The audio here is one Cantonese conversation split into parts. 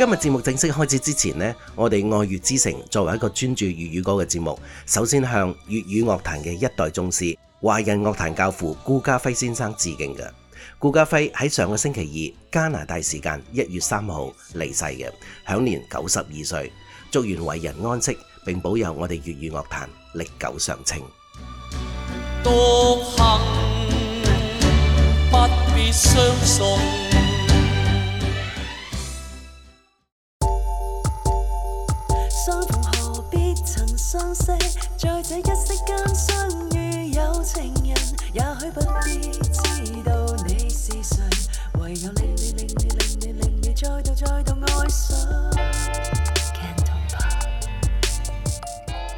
今日節目正式開始之前呢，我哋愛粵之城作為一個專注粵語歌嘅節目，首先向粵語樂壇嘅一代宗師、華人樂壇教父顧嘉輝先生致敬嘅。顧嘉輝喺上個星期二加拿大時間一月三號離世嘅，享年九十二歲。祝願為人安息並保佑我哋粵語樂壇歷久常青。不必相送。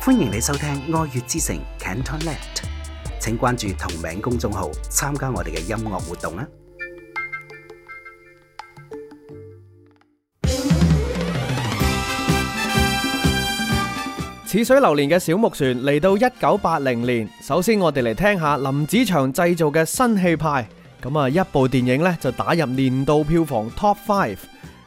歡迎你收聽《愛粵之城》CantonLand，請關注同名公眾號，參加我哋嘅音樂活動啦！似水流年嘅小木船嚟到一九八零年，首先我哋嚟聽下林子祥製造嘅新氣派，咁啊一部電影呢就打入年度票房 Top Five。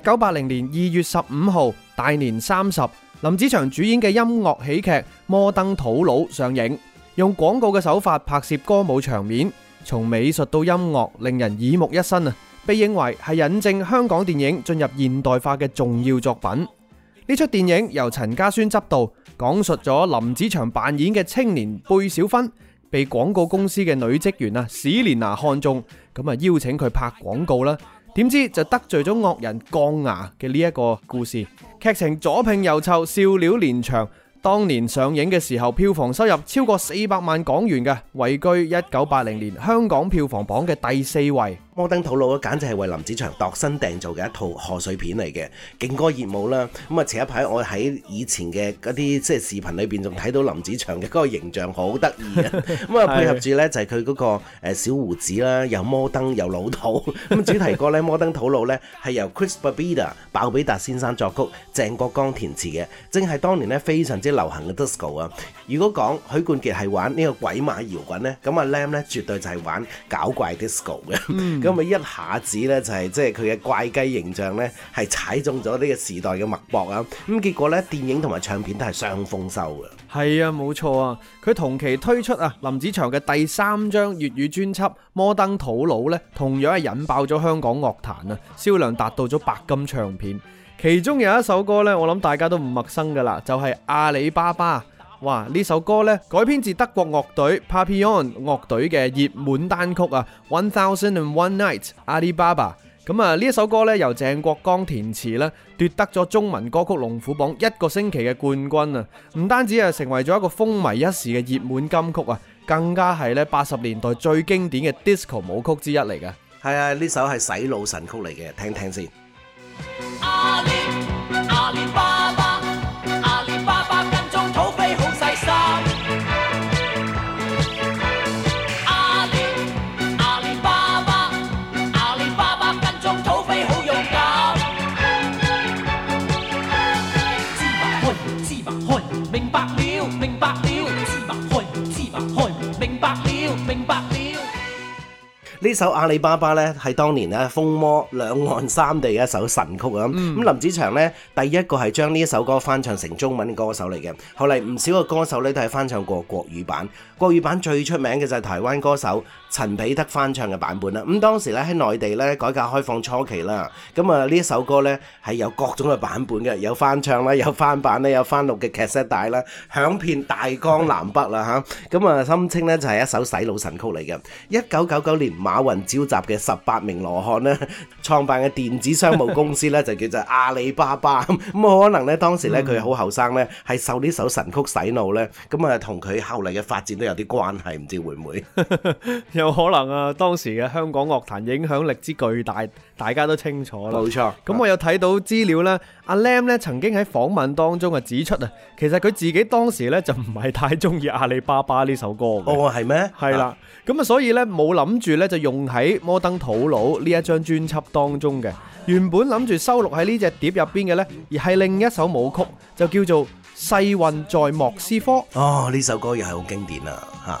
一九八零年二月十五號，大年三十，林子祥主演嘅音樂喜劇《摩登土佬》上映，用廣告嘅手法拍攝歌舞場面，從美術到音樂，令人耳目一新啊！被認為係引證香港電影進入現代化嘅重要作品。呢出電影由陳家宣執導，講述咗林子祥扮演嘅青年貝小芬，被廣告公司嘅女職員啊史蓮娜看中，咁啊邀請佢拍廣告啦。點知就得罪咗惡人鋼牙嘅呢一個故事，劇情左拼右湊，笑料連場。當年上映嘅時候，票房收入超過四百萬港元嘅，位居一九八零年香港票房榜嘅第四位。摩登土佬咧，簡直係為林子祥度身訂做嘅一套賀歲片嚟嘅，勁歌熱舞啦。咁啊，前一排我喺以前嘅嗰啲即係視頻裏邊仲睇到林子祥嘅嗰個形象，好得意。啊。咁啊，配合住呢就係佢嗰個小鬍子啦，又摩登又老土。咁 主題歌呢， 《摩登土佬》呢係由 Chris Babida 鮑比達先生作曲，鄭國江填詞嘅，正係當年呢非常之流行嘅 disco 啊。如果講許冠傑係玩呢個鬼馬搖滾呢，咁啊 Lam 呢絕對就係玩搞怪 disco 嘅。 咁咪一下子咧，就係即係佢嘅怪雞形象咧，係踩中咗呢個時代嘅脈搏啊！咁結果咧，電影同埋唱片都係雙豐收嘅。係啊，冇錯啊！佢同期推出啊，林子祥嘅第三張粵語專輯《摩登土佬》咧，同樣係引爆咗香港樂壇啊，銷量達到咗白金唱片。其中有一首歌咧，我諗大家都唔陌生㗎啦，就係、是《阿里巴巴》。哇！呢首歌咧，改編自德國樂隊 Papillon 樂隊嘅熱門單曲啊，One Thousand and One Night Alibaba。咁啊，呢首歌咧，由鄭國江填詞啦，奪得咗中文歌曲龍虎榜一個星期嘅冠軍啊！唔單止啊，成為咗一個風靡一時嘅熱門金曲啊，更加係咧，八十年代最經典嘅 disco 舞曲之一嚟嘅。係啊，呢首係洗腦神曲嚟嘅，聽聽先。阿里阿里巴呢首阿里巴巴咧，係當年咧風魔兩岸三地嘅一首神曲啊！咁、嗯、林子祥咧，第一個係將呢一首歌翻唱成中文歌手嚟嘅。後嚟唔少嘅歌手咧都係翻唱過國語版，國語版最出名嘅就係台灣歌手陳彼得翻唱嘅版本啦，咁當時咧喺內地咧改革開放初期啦，咁啊呢一首歌咧係有各種嘅版本嘅，有翻唱啦，有翻版咧，有翻錄嘅卡式帶啦，響遍大江南北啦吓，咁、嗯、啊、嗯、心清咧就係一首洗腦神曲嚟嘅。一九九九年馬雲召集嘅十八名羅漢咧，創辦嘅電子商務公司咧就叫做阿里巴巴咁，嗯嗯、可能咧當時咧佢好後生咧，係受呢首神曲洗腦咧，咁啊同佢後嚟嘅發展都有啲關係，唔知會唔會？ 有可能啊！當時嘅香港樂壇影響力之巨大，大家都清楚啦。冇錯。咁我有睇到資料咧，阿 Lam 咧曾經喺訪問當中啊指出啊，其實佢自己當時咧就唔係太中意阿里巴巴呢首歌。哦，係咩？係啦。咁啊，所以咧冇諗住咧就用喺《摩登土佬》呢一張專輯當中嘅。原本諗住收錄喺呢隻碟入邊嘅咧，而係另一首舞曲，就叫做《世運在莫斯科》。哦，呢首歌又係好經典啊！嚇。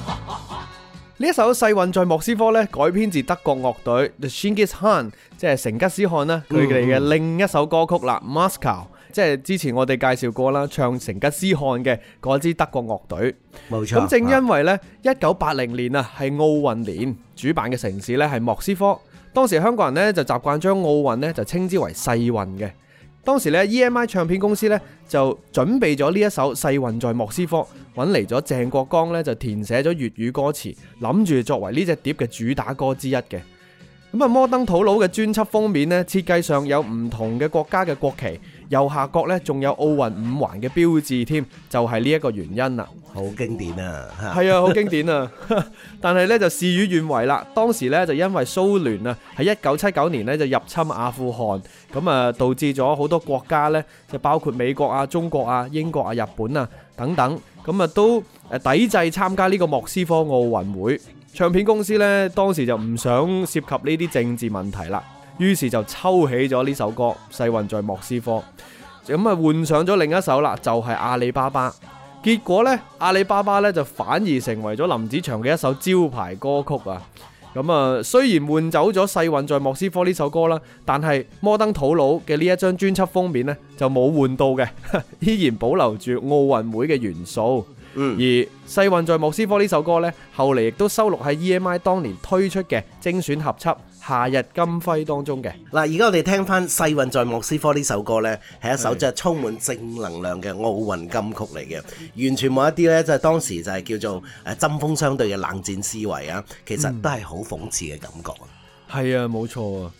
呢首《世運在莫斯科》咧，改編自德國樂隊 The Dschinghis Khan，即係成吉思汗啦，佢哋嘅另一首歌曲啦，mm《Moscow》、hmm.，即係之前我哋介紹過啦，唱成吉思汗嘅嗰支德國樂隊。冇錯。咁正因為咧，一九八零年啊，係奧運年，主辦嘅城市咧係莫斯科，當時香港人咧就習慣將奧運咧就稱之為世運嘅。當時咧，EMI 唱片公司咧就準備咗呢一首《世運在莫斯科》，揾嚟咗鄭國江咧就填寫咗粵語歌詞，諗住作為呢隻碟嘅主打歌之一嘅。咁啊，摩登土佬嘅專輯封面呢，設計上有唔同嘅國家嘅國旗。右下角咧仲有奧運五環嘅標誌添，就係呢一個原因啦，好經典啊！係啊，好經典啊！但係咧就事與願違啦，當時咧就因為蘇聯啊，喺一九七九年咧就入侵阿富汗，咁啊導致咗好多國家咧，就包括美國啊、中國啊、英國啊、日本啊等等，咁啊都誒抵制參加呢個莫斯科奧運會。唱片公司咧當時就唔想涉及呢啲政治問題啦。於是就抽起咗呢首歌《世運在莫斯科》，咁啊換上咗另一首啦，就係《阿里巴巴》。結果呢，《阿里巴巴》咧就反而成為咗林子祥嘅一首招牌歌曲啊！咁啊，雖然換走咗《世運在莫斯科》呢首歌啦，但係《摩登土佬》嘅呢一張專輯封面呢就冇換到嘅，依然保留住奧運會嘅元素。嗯，而《世運在莫斯科》呢首歌呢，後嚟亦都收錄喺 EMI 當年推出嘅精選合輯，夏日金輝當中嘅，嗱，而家我哋聽翻《世運在莫斯科》呢首歌呢，係一首即係充滿正能量嘅奧運金曲嚟嘅，完全冇一啲呢，即係當時就係叫做誒，針鋒相對嘅冷戰思維啊，其實都係好諷刺嘅感覺、嗯、啊，係啊，冇錯啊。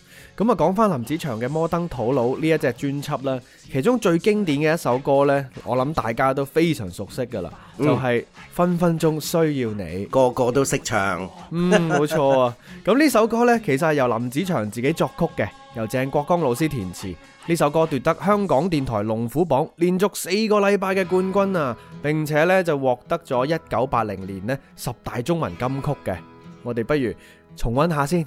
咁啊，講翻林子祥嘅《摩登土佬》呢一隻專輯啦。其中最經典嘅一首歌呢，我諗大家都非常熟悉噶啦，嗯、就係、是《分分鐘需要你》，個個都識唱。 嗯，冇錯啊。咁呢首歌呢，其實係由林子祥自己作曲嘅，由鄭國江老師填詞。呢首歌奪得香港電台龍虎榜連續四個禮拜嘅冠軍啊，並且呢就獲得咗一九八零年呢十大中文金曲嘅。我哋不如重溫下先。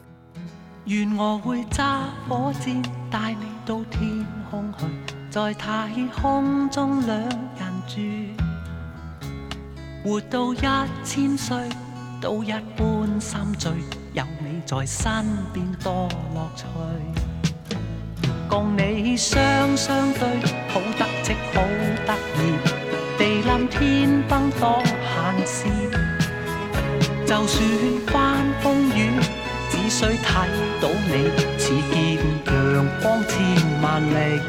願我會揸火箭，帶你到天空去，在太空中兩人住，活到一千歲都一般心醉，有你在身邊多樂趣，共你雙雙對，好得戚好得意，地冧天崩當閒事，就算翻風雨。只需睇到你，似見陽光千萬里。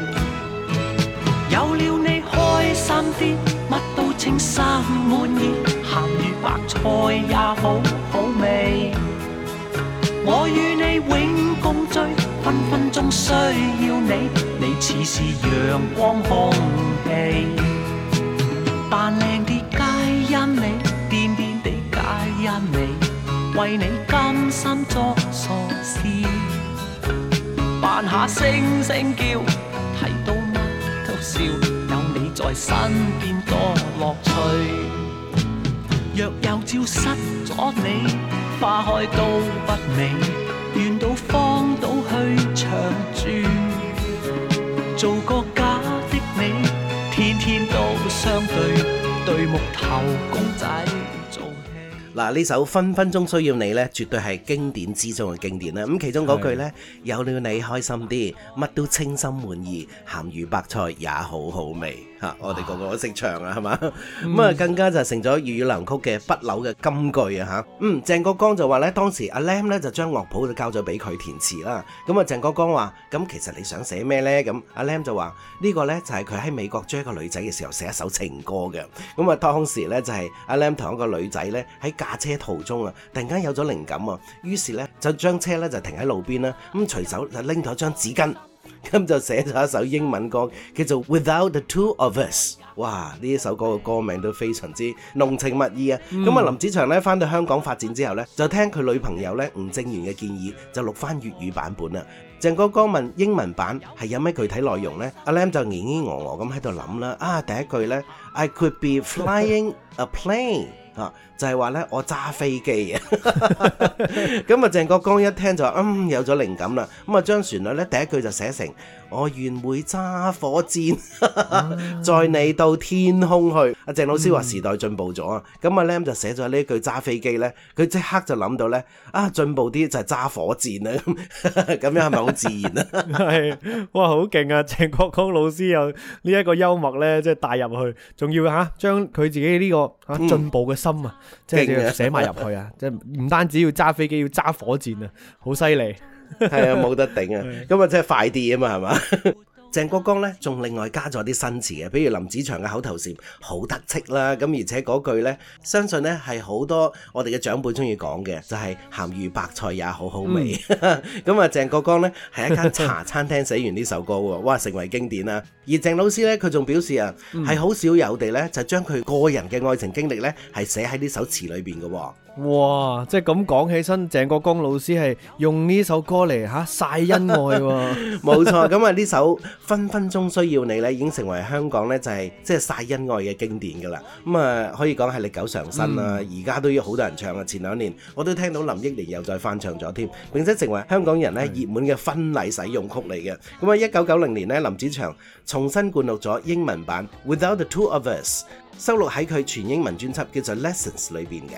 有了你開心啲，乜都稱心滿意，鹹魚白菜也好好味。我與你永共聚，分分鐘需要你，你似是陽光空氣，扮靚啲皆因你，癲癲地皆因你。為你甘心做傻事，扮下聲聲叫猩猩，睇到乜都笑。有你在身邊多樂趣。若有朝失咗你，花開都不美。願到荒島去長住，做個假的你，天天都相對，對木頭公仔。嗱，呢首分分鐘需要你呢，絕對係經典之中嘅經典啦。咁其中嗰句呢：對「有了你開心啲，乜都稱心滿意，鹹魚白菜也好好味。」嚇、啊！我哋個個都識唱啊，係嘛？咁啊、嗯，更加就成咗粵語流行曲嘅不朽嘅金句啊！嚇，嗯，鄭國江就話咧，當時阿 Lam 咧就將樂譜就交咗俾佢填詞啦。咁、嗯、啊，鄭國江話：咁其實你想寫咩呢？嗯，咁阿 Lam 就話：呢、這個呢就係佢喺美國追一個女仔嘅時候寫一首情歌嘅。咁、嗯、啊，當時呢就係阿 Lam 同一個女仔呢喺駕車途中啊，突然間有咗靈感啊，於是呢就將車呢就停喺路邊啦，咁隨手就拎到一張紙巾。咁就寫咗一首英文歌，叫做《Without the Two of Us》。哇！呢一首歌嘅歌名都非常之濃情蜜意啊。咁啊，林子祥咧返到香港發展之後咧，就聽佢女朋友咧吳正元嘅建議，就錄返粵語版本啦。鄭哥哥問英文版係有咩具體內容咧？阿 Lam 就戇戇憨憨咁喺度諗啦。啊，第一句咧，I could be flying a plane 嚇。就係話呢，我揸飛機啊、 嗯！咁啊，鄭國江一聽就話：嗯，有咗靈感啦。咁啊，將旋律呢，第一句就寫成：我願會揸火箭，載你、哦、到天空去。阿鄭老師話時代進步咗啊！咁啊、嗯，咧、嗯、就寫咗呢句揸飛機呢，佢即刻就諗到呢，啊，進步啲就係揸火箭啦！咁 咁樣係咪好自然啊？係 哇，好勁啊！鄭國江老師有呢一個幽默呢，即係帶入去，仲要嚇將佢自己呢個嚇進步嘅心啊、嗯！即係寫埋入去啊！即係唔單止要揸飛機，要揸火箭 啊，好犀利！係啊，冇得頂啊！咁啊，即係快啲啊嘛，係嘛？ 鄭國江咧，仲另外加咗啲新詞嘅，比如林子祥嘅口頭禪好得戚啦，咁而且嗰句呢，相信呢係好多我哋嘅長輩中意講嘅，就係、是、鹹魚白菜也好好味。咁啊、嗯，鄭 國江呢係一間茶餐廳寫完呢首歌喎，哇， 成為經典啦。而鄭老師呢，佢仲表示啊，係好、嗯、少有地呢，就將佢個人嘅愛情經歷呢係寫喺呢首詞裏邊嘅。哇，即係咁講起身，鄭國江老師係用呢首歌嚟嚇晒恩愛喎。冇 錯，咁啊呢首。分分鐘需要你咧，已經成為香港咧就係即係曬恩愛嘅經典噶啦。咁啊，可以講係歷久常新啦。而家都要好多人唱啊，前兩年我都聽到林憶蓮又再翻唱咗添，並且成為香港人咧熱門嘅婚禮使用曲嚟嘅。咁啊，一九九零年咧，林子祥重新灌錄咗英文版《Without the Two of Us》，收錄喺佢全英文專輯叫做《Lessons》裏邊嘅。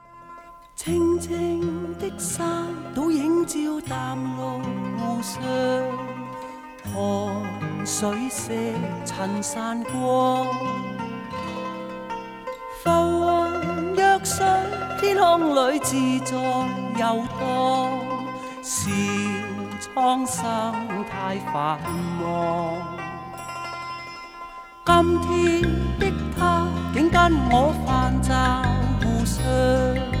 青青的山倒映照淡綠湖上，看水色襯山光。浮雲若絮，天空裏自在遊蕩，笑蒼生太繁忙，今天的他竟跟我泛棹湖上。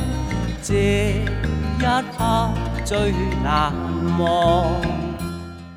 這一刻最難忘。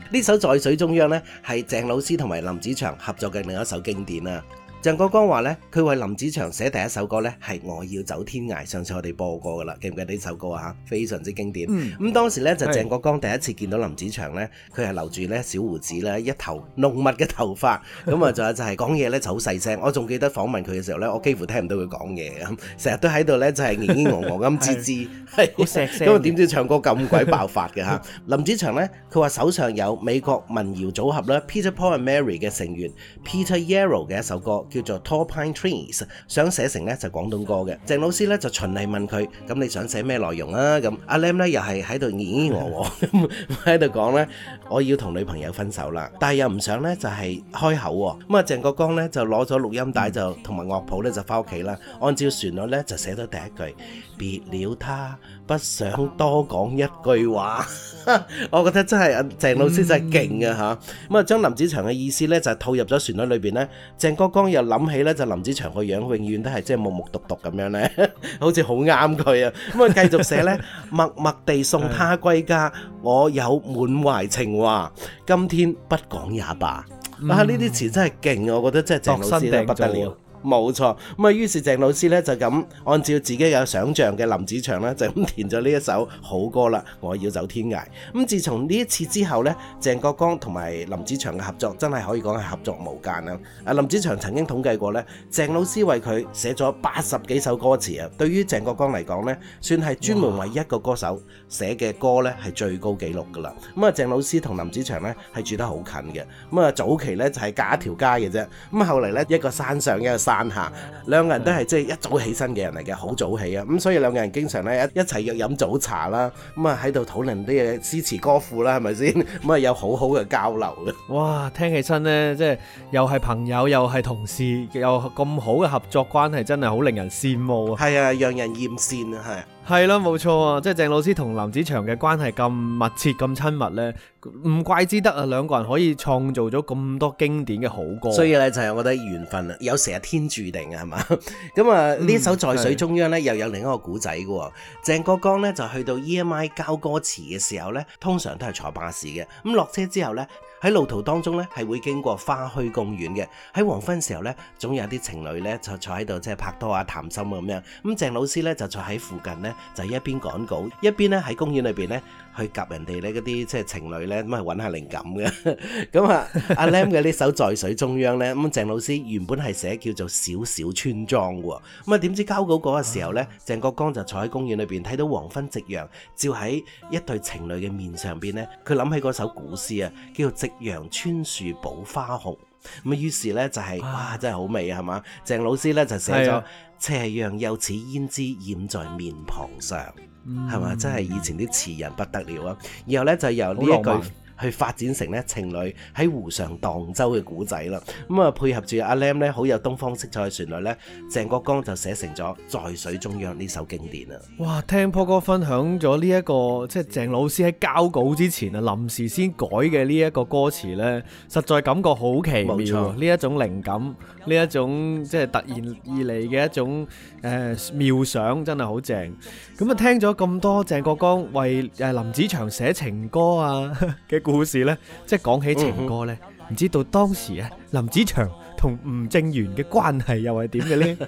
呢首在水中央咧，係鄭老師同埋林子祥合作嘅另一首經典啊！鄭國江話咧，佢為林子祥寫第一首歌咧，係我要走天涯。上次我哋播過噶啦，記唔記得呢首歌啊？吓，非常之經典。咁、嗯、當時咧就鄭國江第一次見到林子祥咧，佢係留住咧小鬍子啦，一頭濃密嘅頭髮。咁啊，仲有就係講嘢咧就好細聲。我仲記得訪問佢嘅時候咧，我幾乎聽唔到佢講嘢，咁成日都喺度咧就係咿咿喔喔咁吱吱，係咁啊！點 知唱歌咁鬼爆發嘅吓？ 林子祥咧，佢話手上有美國民謠組合啦 Peter Paul and Mary 嘅成員 Peter Yarrow 嘅一首歌。叫做 Tall Pine Trees，想寫成咧就廣東歌嘅。鄭老師咧就循例問佢：咁你想寫咩內容啊？咁阿 Lam 咧又係喺度耳語喎，喺度講咧，我要同女朋友分手啦，但係又唔想咧就係、是、開口喎。咁啊，鄭國江咧就攞咗錄音帶就同埋樂譜咧就翻屋企啦，按照旋律咧就寫咗第一句：別了他。不想多講一句話， 我覺得真係啊，鄭老師真係勁嘅嚇。咁、嗯、啊，將林子祥嘅意思咧就係套入咗旋律裏邊咧。鄭國江又諗起咧，就林子祥個樣永遠都係即係木木獨獨咁樣咧， 好似好啱佢啊。咁啊，繼續寫咧， 默默地送他歸家，我有滿懷情話，今天不講也罷。嗯、啊，呢啲詞真係勁啊！我覺得真係鄭老師不得了。冇錯，咁啊，於是鄭老師咧就咁按照自己有想像嘅林子祥咧就咁填咗呢一首好歌啦。我要走天涯。咁自從呢一次之後咧，鄭國江同埋林子祥嘅合作真係可以講係合作無間啊！林子祥曾經統計過咧，鄭老師為佢寫咗八十幾首歌詞啊。對於鄭國江嚟講咧，算係專門為一,一個歌手寫嘅歌咧係最高紀錄㗎啦。咁啊哇，鄭老師同林子祥咧係住得好近嘅。咁啊，早期咧就係隔一條街嘅啫。咁後嚟咧一個山上一個山。下兩人都係即係一早起身嘅人嚟嘅，好早起啊！咁所以兩個人經常咧一一齊飲早茶啦，咁啊喺度討論啲嘢詩詞歌賦啦，係咪先？咁 啊有好好嘅交流嘅。哇！聽起身呢，即係又係朋友，又係同事，又咁好嘅合作關係，真係好令人羨慕啊！係啊，讓人艷羨啊，係啊！係啦，冇錯啊！即係鄭老師同林子祥嘅關係咁密切、咁親密呢，唔怪之得啊，兩個人可以創造咗咁多經典嘅好歌。所以呢，就係我覺得緣分啊，有時係天注定嘅係嘛。咁啊呢首《在水中央》呢，的又有另一個故仔嘅喎。鄭國江呢就去到 EMI 交歌詞嘅時候呢，通常都係坐巴士嘅。咁落車之後呢。喺路途當中咧，係會經過花墟公園嘅。喺黃昏時候咧，總有啲情侶咧就坐喺度，即係拍拖啊、談心啊咁樣。咁鄭老師咧就坐喺附近咧，就一邊趕稿，一邊咧喺公園裏邊咧，去夾人哋呢嗰啲即係情侶呢，咁係揾下靈感嘅。咁 啊，阿 Lam 嘅呢首在水中央呢，咁鄭老師原本係寫叫做小小村莊喎。咁啊，點知交稿嗰個時候呢，唉鄭國江就坐喺公園裏邊睇到黃昏夕陽照喺一對情侶嘅面上邊呢，佢諗起嗰首古詩啊，叫夕陽穿樹補花紅。咁啊，於是呢、就是，就係哇，真係好美啊，係嘛？鄭老師呢，就寫咗斜陽又似胭脂染在面龐上。唉嗯係嘛， 真係以前啲詞人不得了啊！然後咧就由呢一句。去發展成咧情侶喺湖上蕩舟嘅故仔啦，咁啊配合住阿 Lam 咧好有東方色彩嘅旋律咧，鄭國江就寫成咗在水中央呢首經典啊！哇，聽 Paul 哥分享咗呢一個即係鄭老師喺交稿之前啊臨時先改嘅呢一個歌詞咧，實在感覺好奇妙，呢一種靈感，呢一種即係突然而嚟嘅一種誒妙想真係好正。咁啊聽咗咁多鄭國江為誒林子祥寫情歌啊嘅故事呢，即係講起情歌呢，唔 知道當時啊，林子祥同吳正元嘅關係又係點嘅呢？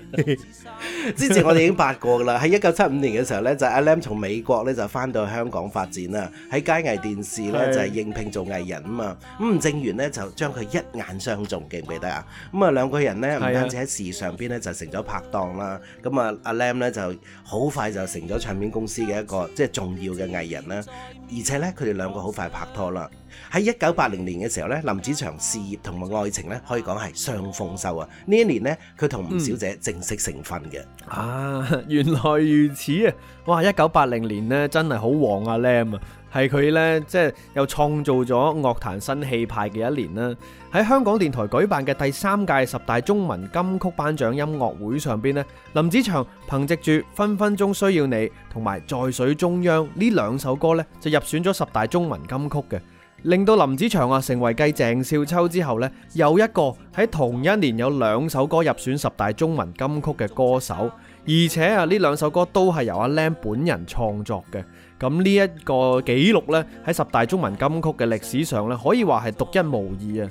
之前我哋已經八過啦，喺一九七五年嘅時候呢，就是、阿 Lam 從美國呢就翻到香港發展啦，喺佳藝電視呢，就係應聘做藝人啊嘛，咁的吳正元呢，就將佢一眼相中，記唔記得啊？咁啊兩個人呢，唔單止喺事業上邊咧就成咗拍檔啦，咁啊的阿 Lam 呢，就好快就成咗唱片公司嘅一個即係、就是、重要嘅藝人啦，而且呢，佢哋兩個好快拍拖啦。喺一九八零年嘅時候咧，林子祥事業同埋愛情咧，可以講係雙豐收啊！呢一年呢，佢同吳小姐正式成婚嘅、嗯、啊！原來如此啊！哇！一九八零年呢，真係好旺啊 Lam 啊，係佢呢，即係又創造咗樂壇新氣派嘅一年啦。喺香港電台舉辦嘅第三屆十大中文金曲頒獎音樂會上邊呢，林子祥憑藉住《分分鐘需要你》同埋《在水中央》呢兩首歌呢，就入選咗十大中文金曲嘅。令到林子祥啊，成為繼鄭少秋之後咧，又一個喺同一年有兩首歌入選十大中文金曲嘅歌手，而且啊，呢兩首歌都係由阿 Lam 本人創作嘅。咁呢一個紀錄咧，喺十大中文金曲嘅歷史上咧，可以話係獨一無二啊！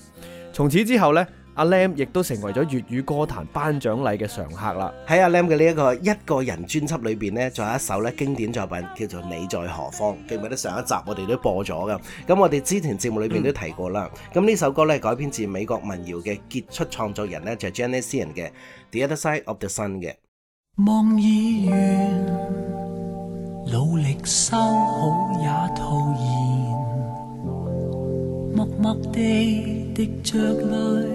從此之後咧。阿 Lam 亦都成為咗粵語歌壇頒獎禮嘅常客啦。喺阿 Lam 嘅呢一個一個人專輯裏邊呢，仲有一首咧經典作品叫做《你在何方》，記唔記得上一集我哋都播咗噶？咁我哋之前節目裏邊都提過啦。咁呢 首歌咧改編自美國民謠嘅傑出創作人呢，就係 Janis Ian 嘅《The Other Side of the Sun》嘅。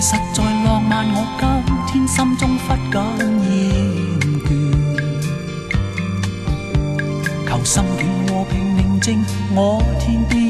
實在浪漫，我今天心中忽感厭倦。求心境和平寧靜，我天邊。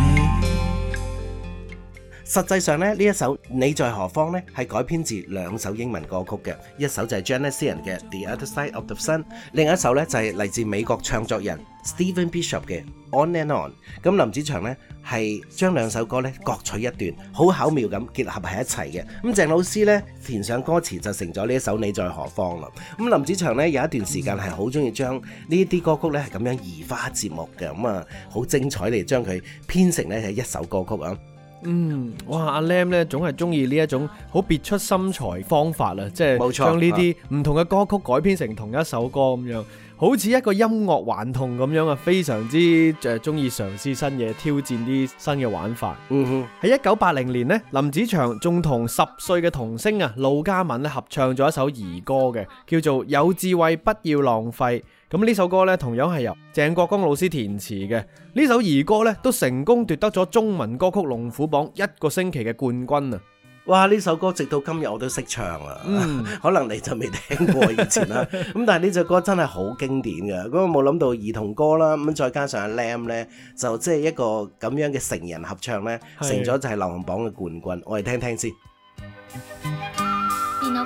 實際上咧，呢一首《你在何方》咧係改編自兩首英文歌曲嘅，一首就係 Janis Ian 嘅《The Other Side of the Sun》，另一首咧就係嚟自美國唱作人 Stephen Bishop 嘅《On and On》。咁林子祥咧係將兩首歌咧各取一段，好巧妙咁結合喺一齊嘅。咁、嗯、鄭老師咧填上歌詞就成咗呢一首《你在何方》啦。咁、嗯、林子祥咧有一段時間係好中意將呢啲歌曲咧咁樣移花接木嘅，咁啊好精彩地將佢編成咧一首歌曲啊。嗯，哇！阿、啊、Lam 咧，總係中意呢一種好別出心裁方法，啦、啊，即係冇錯，將呢啲唔同嘅歌曲改編成同一首歌咁樣，好似一個音樂頑童咁樣啊，非常之就中意嘗試新嘢，挑戰啲新嘅玩法。嗯哼，喺一九八零年呢，林子祥仲同十歲嘅童星啊，路家敏咧合唱咗一首兒歌嘅，叫做《有智慧不要浪費》。咁呢首歌咧，同樣係由鄭國江老師填詞嘅。呢首兒歌咧，都成功奪得咗中文歌曲龍虎榜一個星期嘅冠軍啊！哇，呢首歌直到今日我都識唱啊，嗯、可能你就未聽過以前啦。咁 但係呢隻歌真係好經典嘅。咁我冇諗到兒童歌啦，咁再加上阿 Lam 咧，就即係一個咁樣嘅成人合唱咧，是成咗就係流行榜嘅冠軍。我哋聽聽先。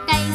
電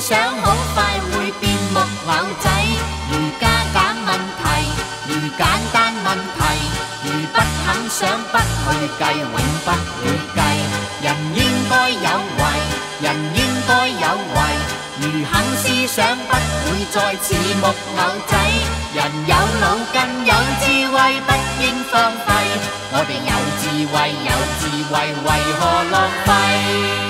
想好快會變木偶仔，如加減問題，如簡單問題，如不肯想不去計，永不會計。人應該有為，人應該有為。如肯思想，不會再似木偶仔。人有腦筋有智慧，不應放低。我哋有智慧有智慧，為何浪費？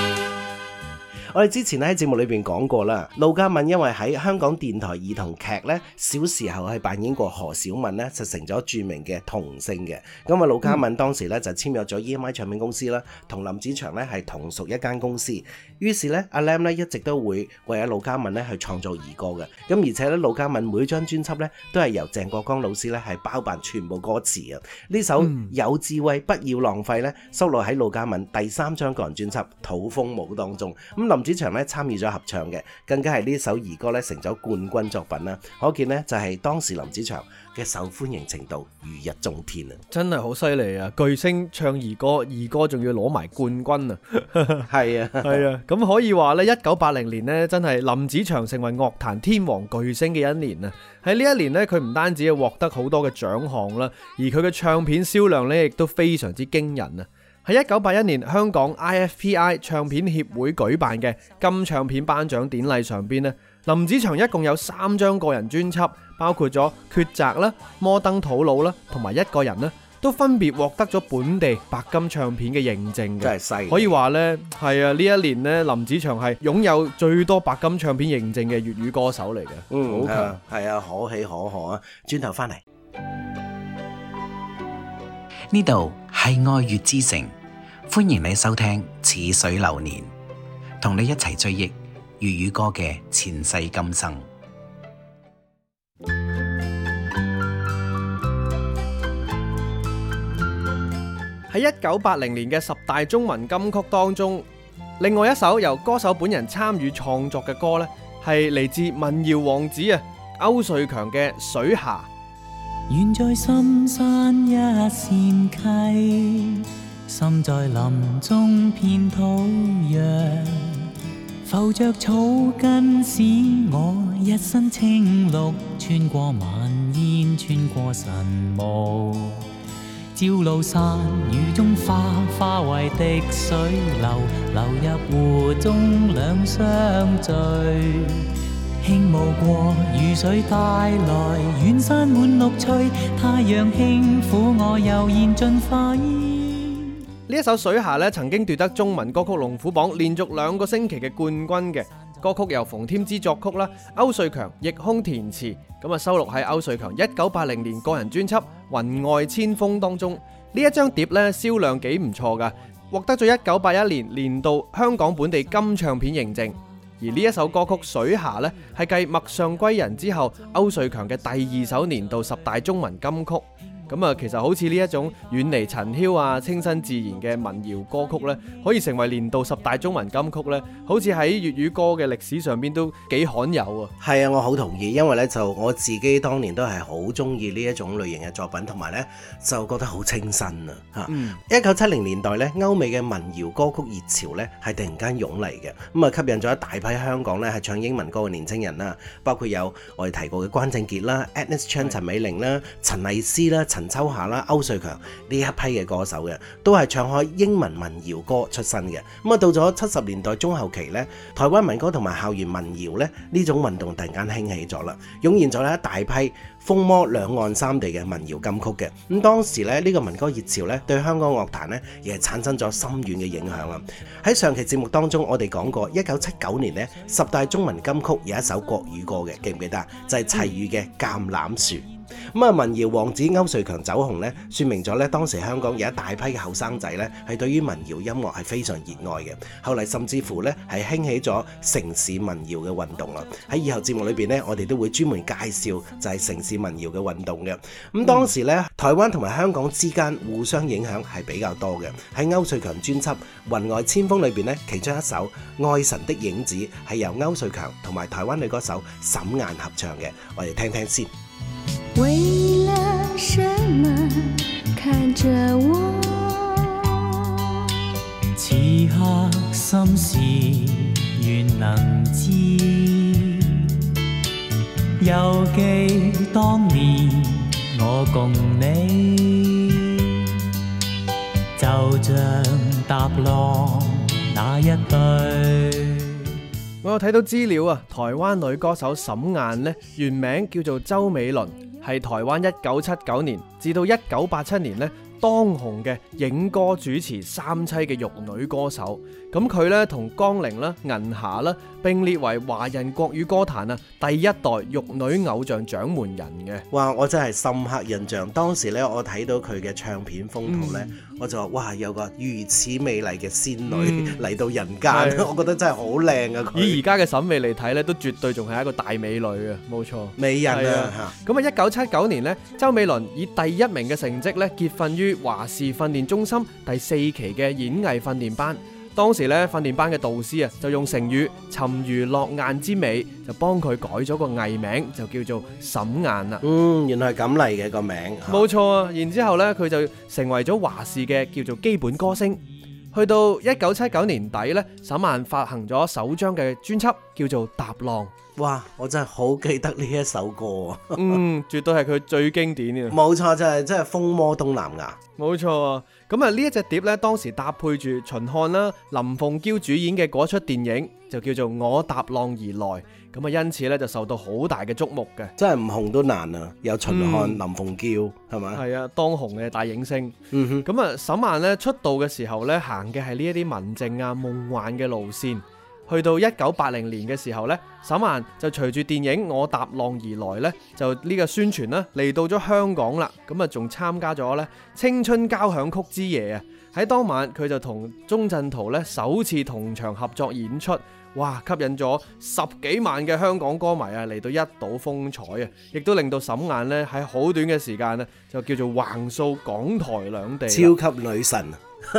我哋之前咧喺節目裏邊講過啦，路家敏因為喺香港電台兒童劇呢小時候係扮演過何小敏呢就成咗著名嘅童星嘅。咁啊，路家敏當時呢就簽約咗 EMI 唱片公司啦，同林子祥呢係同屬一間公司。於是呢，阿、嗯啊、Lam 呢一直都會為阿路家敏呢去創作兒歌嘅。咁而且呢，路家敏每張專輯呢都係由鄭國江老師呢係包辦全部歌詞嘅。呢首有智慧不要浪費呢，收錄喺路家敏第三張個人專輯《土風舞》當中。咁林子祥咧參與咗合唱嘅，更加係呢首兒歌咧成咗冠軍作品啦。可見呢，就係當時林子祥嘅受歡迎程度如日中天啊！真係好犀利啊！巨星唱兒歌，兒歌仲要攞埋冠軍啊！係啊係啊，咁、啊、 可以話咧，一九八零年呢，真係林子祥成為樂壇天王巨星嘅一年啊！喺呢一年呢，佢唔單止係獲得好多嘅獎項啦，而佢嘅唱片銷量呢，亦都非常之驚人啊！喺一九八一年香港 IFPI 唱片協會舉辦嘅金唱片頒獎典禮上邊咧，林子祥一共有三張個人專輯，包括咗《抉擇》啦、《摩登土佬》啦，同埋《一個人》咧，都分別獲得咗本地白金唱片嘅認證嘅，真係犀。可以話呢，係啊，呢一年咧，林子祥係擁有最多白金唱片認證嘅粵語歌手嚟嘅。嗯，好強，係啊，可喜可賀啊！轉頭翻嚟。呢度係愛粵之城，歡迎你收聽《似水流年》，同你一齊追憶粵語歌嘅前世今生。喺一九八零年嘅十大中文金曲當中，另外一首由歌手本人參與創作嘅歌咧，係嚟自民謠王子啊區瑞強嘅《水霞》。遠在深山一線溪，心在林中片土壤，浮着草根使我一身青綠，穿過晚煙，穿過晨霧，朝露散，雨中花，花為滴水流，流入湖中兩相聚。輕霧過，雨水帶來遠山滿綠翠，太陽輕撫我，悠然盡化煙。呢一首《水霞》咧，曾經奪得中文歌曲龍虎榜連續兩個星期嘅冠軍嘅歌曲，由馮添枝作曲啦，區瑞強逆空填詞，咁啊收錄喺區瑞強一九八零年個人專輯《雲外千峰》當中。呢一張碟咧銷量幾唔錯噶，獲得咗一九八一年年度香港本地金唱片認證。而呢一首歌曲《水霞》呢，係繼《陌上歸人》之後，區瑞強嘅第二首年度十大中文金曲。咁啊，其實好似呢一種遠離塵囂啊、清新自然嘅民謠歌曲呢，可以成為年度十大中文金曲呢，好似喺粵語歌嘅歷史上邊都幾罕有啊！係啊，我好同意，因為呢就我自己當年都係好中意呢一種類型嘅作品，同埋呢就覺得好清新啊！嚇、嗯，一九七零年代呢，歐美嘅民謠歌曲熱潮呢係突然間湧嚟嘅，咁啊吸引咗一大批香港呢係唱英文歌嘅年輕人啦，包括有我哋提過嘅關正傑啦、Agnes Chan、陳美玲啦、陳麗斯啦、陳陳秋霞啦，歐瑞強呢一批嘅歌手嘅，都係唱開英文民謠歌出身嘅。咁啊，到咗七十年代中後期呢，台灣民歌同埋校園民謠呢呢種運動突然間興起咗啦，湧現咗呢一大批風靡兩岸三地嘅民謠金曲嘅。咁當時呢，呢個民歌熱潮呢對香港樂壇呢亦係產生咗深遠嘅影響啊！喺上期節目當中，我哋講過一九七九年呢十大中文金曲有一首國語歌嘅，記唔記得？就係齊豫嘅《橄欖樹》。咁啊，民謠王子區瑞強走紅咧，説明咗咧當時香港有一大批嘅後生仔咧係對於民謠音樂係非常熱愛嘅。後嚟甚至乎咧係興起咗城市民謠嘅運動啦。喺以後節目裏邊咧，我哋都會專門介紹就係城市民謠嘅運動嘅。咁當時咧，台灣同埋香港之間互相影響係比較多嘅。喺區瑞強專輯《雲外千峰》裏邊咧，其中一首《愛神的影子》係由區瑞強同埋台灣女歌手沈雁合唱嘅，我哋聽聽先。為了什麼看着我？此刻心事願能知，猶記當年我共你，就像踏浪那一對。我有睇到資料啊，台灣女歌手沈雁呢，原名叫做周美倫，係台灣一九七九年至到一九八七年呢，當紅嘅影歌主持三棲嘅玉女歌手。咁佢咧同江玲啦、銀霞啦並列為華人國語歌壇啊第一代玉女偶像掌門人嘅。哇！我真係深刻印象，當時咧我睇到佢嘅唱片風圖咧，嗯、我就話：哇！有個如此美麗嘅仙女嚟到人間，嗯、我覺得真係好靚啊！的他以而家嘅審美嚟睇咧，都絕對仲係一個大美女啊！冇錯，美人啊。咁啊，一九七九年呢，周美倫以第一名嘅成績咧結訓於華視訓練中心第四期嘅演藝訓練班。當時咧訓練班嘅導師啊，就用成語沉魚落雁之美，就幫佢改咗個藝名，就叫做沈雁啦。嗯，原來係咁嚟嘅個名。冇錯啊，然之後咧，佢就成為咗華視嘅叫做基本歌星。去到一九七九年底咧，沈雁發行咗首張嘅專輯，叫做《踏浪》。哇，我真係好記得呢一首歌啊！嗯，絕對係佢最經典嘅。冇錯，就係即係風魔東南亞。冇錯啊。咁啊呢一隻碟咧，當時搭配住秦漢啦、林鳳嬌主演嘅嗰出電影，就叫做《我踏浪而來》。咁啊，因此咧就受到好大嘅觸目嘅，真係唔紅都難啊！有秦漢、林鳳嬌，係嘛、嗯？係吧啊，當紅嘅大影星。咁啊、嗯哼，沈雁咧出道嘅時候咧，行嘅係呢一啲文靜啊、夢幻嘅路線。去到一九八零年嘅時候呢，沈雁就隨住電影《我踏浪》而來呢，就呢個宣傳啦，嚟到咗香港啦。咁啊，仲參加咗咧《青春交響曲之夜》啊。喺當晚佢就同鐘鎮濤咧首次同場合作演出，哇！吸引咗十幾萬嘅香港歌迷啊，嚟到一睹風采啊，亦都令到沈雁咧喺好短嘅時間咧就叫做橫掃港台兩地，超級女神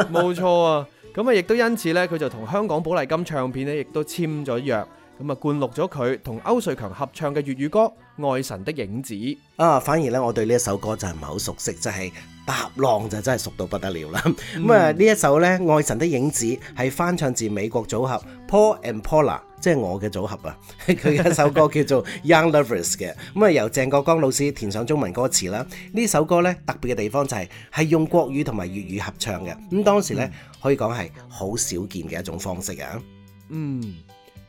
冇錯 啊！咁啊，亦都因此咧，佢就同香港寶麗金唱片咧，亦都簽咗約，咁啊，灌錄咗佢同區瑞強合唱嘅粵語歌《愛神的影子》啊。反而咧，我對呢一首歌就係唔係好熟悉，就係《踏浪》就真係熟到不得了啦。咁啊、嗯，呢一首咧《愛神的影子》係翻唱自美國組合 Paul and Paula。即係我嘅組合啊！佢一首歌叫做《Young Lovers》嘅，咁啊由鄭國江老師填上中文歌詞啦。呢首歌咧特別嘅地方就係、係、係用國語同埋粵語合唱嘅，咁當時咧可以講係好少見嘅一種方式啊。嗯，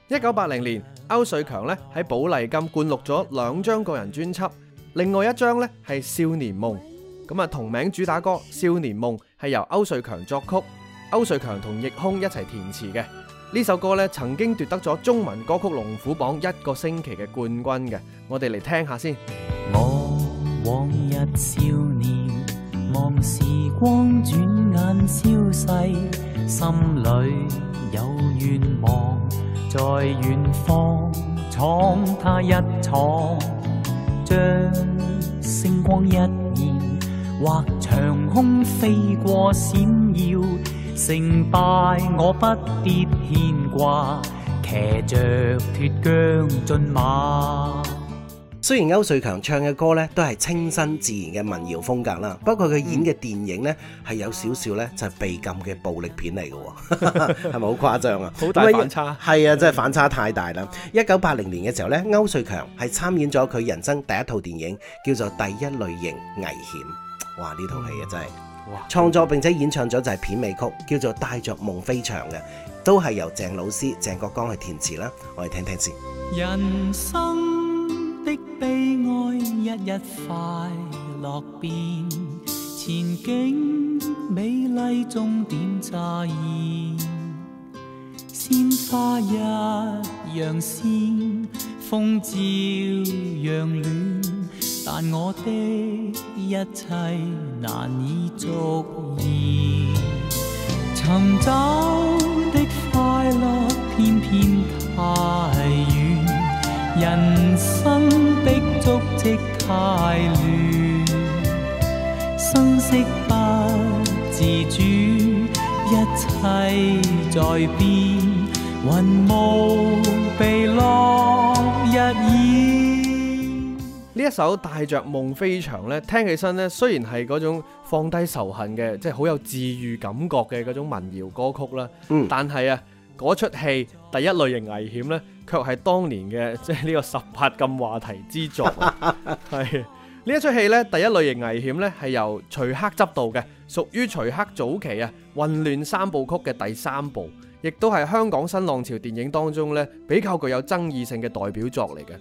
一九八零年，區瑞強咧喺寶麗金灌錄咗兩張個人專輯，另外一張咧係《少年夢》。咁啊同名主打歌《少年夢》係由區瑞強作曲，區瑞強同譯空一齊填詞嘅。呢首歌呢，曾經奪得咗中文歌曲龍虎榜一個星期嘅冠軍嘅，我哋嚟聽下先。我往日少年，望時光轉眼消逝，心裏有願望，在遠方闖他一闖，將星光一現，劃長空飛過閃耀。成敗我不必牽掛，騎着脫韁駿馬。雖然區瑞強唱嘅歌咧都係清新自然嘅民謠風格啦，不過佢演嘅電影咧係有少少咧就係被禁嘅暴力片嚟嘅，係咪好誇張啊？好 是 大反差係啊，真係反差太大啦！一九八零年嘅時候咧，區瑞強係參演咗佢人生第一套電影，叫做《第一類型危險》。哇！呢套戲啊，真係～創作並且演唱咗就係片尾曲，叫做《帶着夢飛翔》嘅，都係由鄭老師鄭國江去填詞啦，我哋聽聽先。人生的悲哀，日日快樂變，前景美麗，終點乍現，鮮花一樣鮮，風照樣暖。但我的一切難以續延，尋找的快樂偏偏太遠，人生的足跡太亂，生息不自主，一切在變，雲霧被。呢一首帶着夢飛翔咧，聽起身咧，雖然係嗰種放低仇恨嘅，即係好有治愈感覺嘅嗰種民謠歌曲啦。嗯。但係啊，嗰出戲第一類型危險咧，卻係當年嘅即係呢個十八禁話題之作。係。呢一出戲咧，第一類型危險咧，係 由徐克執導嘅，屬於徐克早期啊混亂三部曲嘅第三部，亦都係香港新浪潮電影當中咧比較具有爭議性嘅代表作嚟嘅。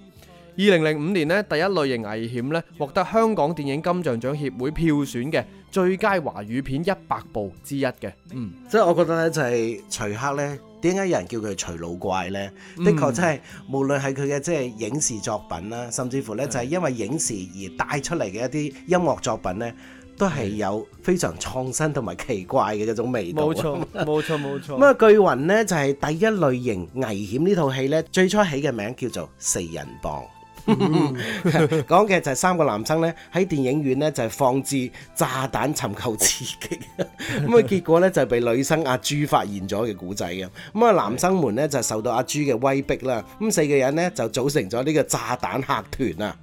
二零零五年咧，第一類型危險咧，獲得香港電影金像獎協會票選嘅最佳華語片一百部之一嘅。嗯，即係我覺得咧就係徐克咧，點解有人叫佢徐老怪呢？嗯、的確真係，無論係佢嘅即係影視作品啦，甚至乎咧就係因為影視而帶出嚟嘅一啲音樂作品咧，都係有非常創新同埋奇怪嘅一種味道、嗯 錯。冇錯，冇錯，冇錯。咁啊，巨云呢就係第一類型危險呢套戲咧，最初起嘅名叫做四人幫。講 嘅就係三個男生咧，喺電影院咧就係放置炸彈尋求刺激，咁啊結果咧就被女生阿朱發現咗嘅古仔嘅，咁啊男生們咧就受到阿朱嘅威逼啦，咁四個人咧就組成咗呢個炸彈客團啊，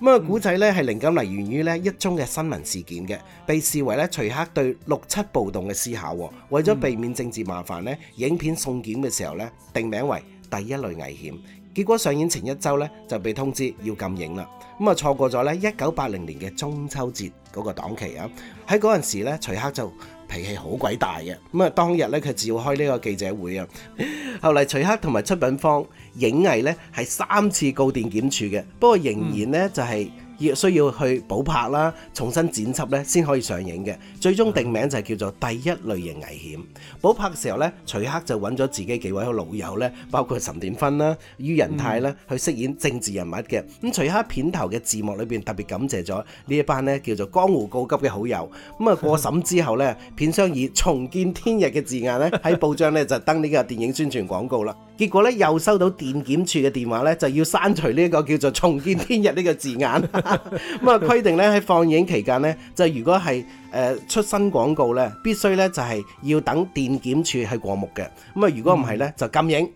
咁啊古仔咧係靈感嚟源於咧一宗嘅新聞事件嘅，被視為咧徐克對六七暴動嘅思考，為咗避免政治麻煩咧，影片送檢嘅時候咧定名為第一類危險。結果上映前一周咧就被通知要禁影啦，咁啊錯過咗咧一九八零年嘅中秋節嗰個檔期啊，喺嗰陣時咧徐克就脾氣好鬼大嘅，咁啊當日咧佢召開呢個記者會啊，後嚟徐克同埋出品方影藝咧係三次告電檢處嘅，不過仍然咧就係、是。亦需要去補拍啦，重新剪輯咧先可以上映嘅。最終定名就叫做《第一類型危險》。補拍嘅時候咧，徐克就揾咗自己幾位個老友咧，包括陳殿芬啦、於仁泰啦，去飾演政治人物嘅。咁、嗯、徐克片頭嘅字幕裏邊特別感謝咗呢一班咧叫做江湖告急嘅好友。咁啊過審之後咧，片商以重見天日嘅字眼咧喺報章咧就登呢個電影宣傳廣告啦。結果咧又收到電檢處嘅電話咧，就要刪除呢一個叫做重見天日呢、這個字眼。咁啊規定咧喺放映期間咧，就如果係誒、呃、出新廣告咧，必須咧就係、是、要等電檢處係過目嘅。咁啊如果唔係咧就禁影。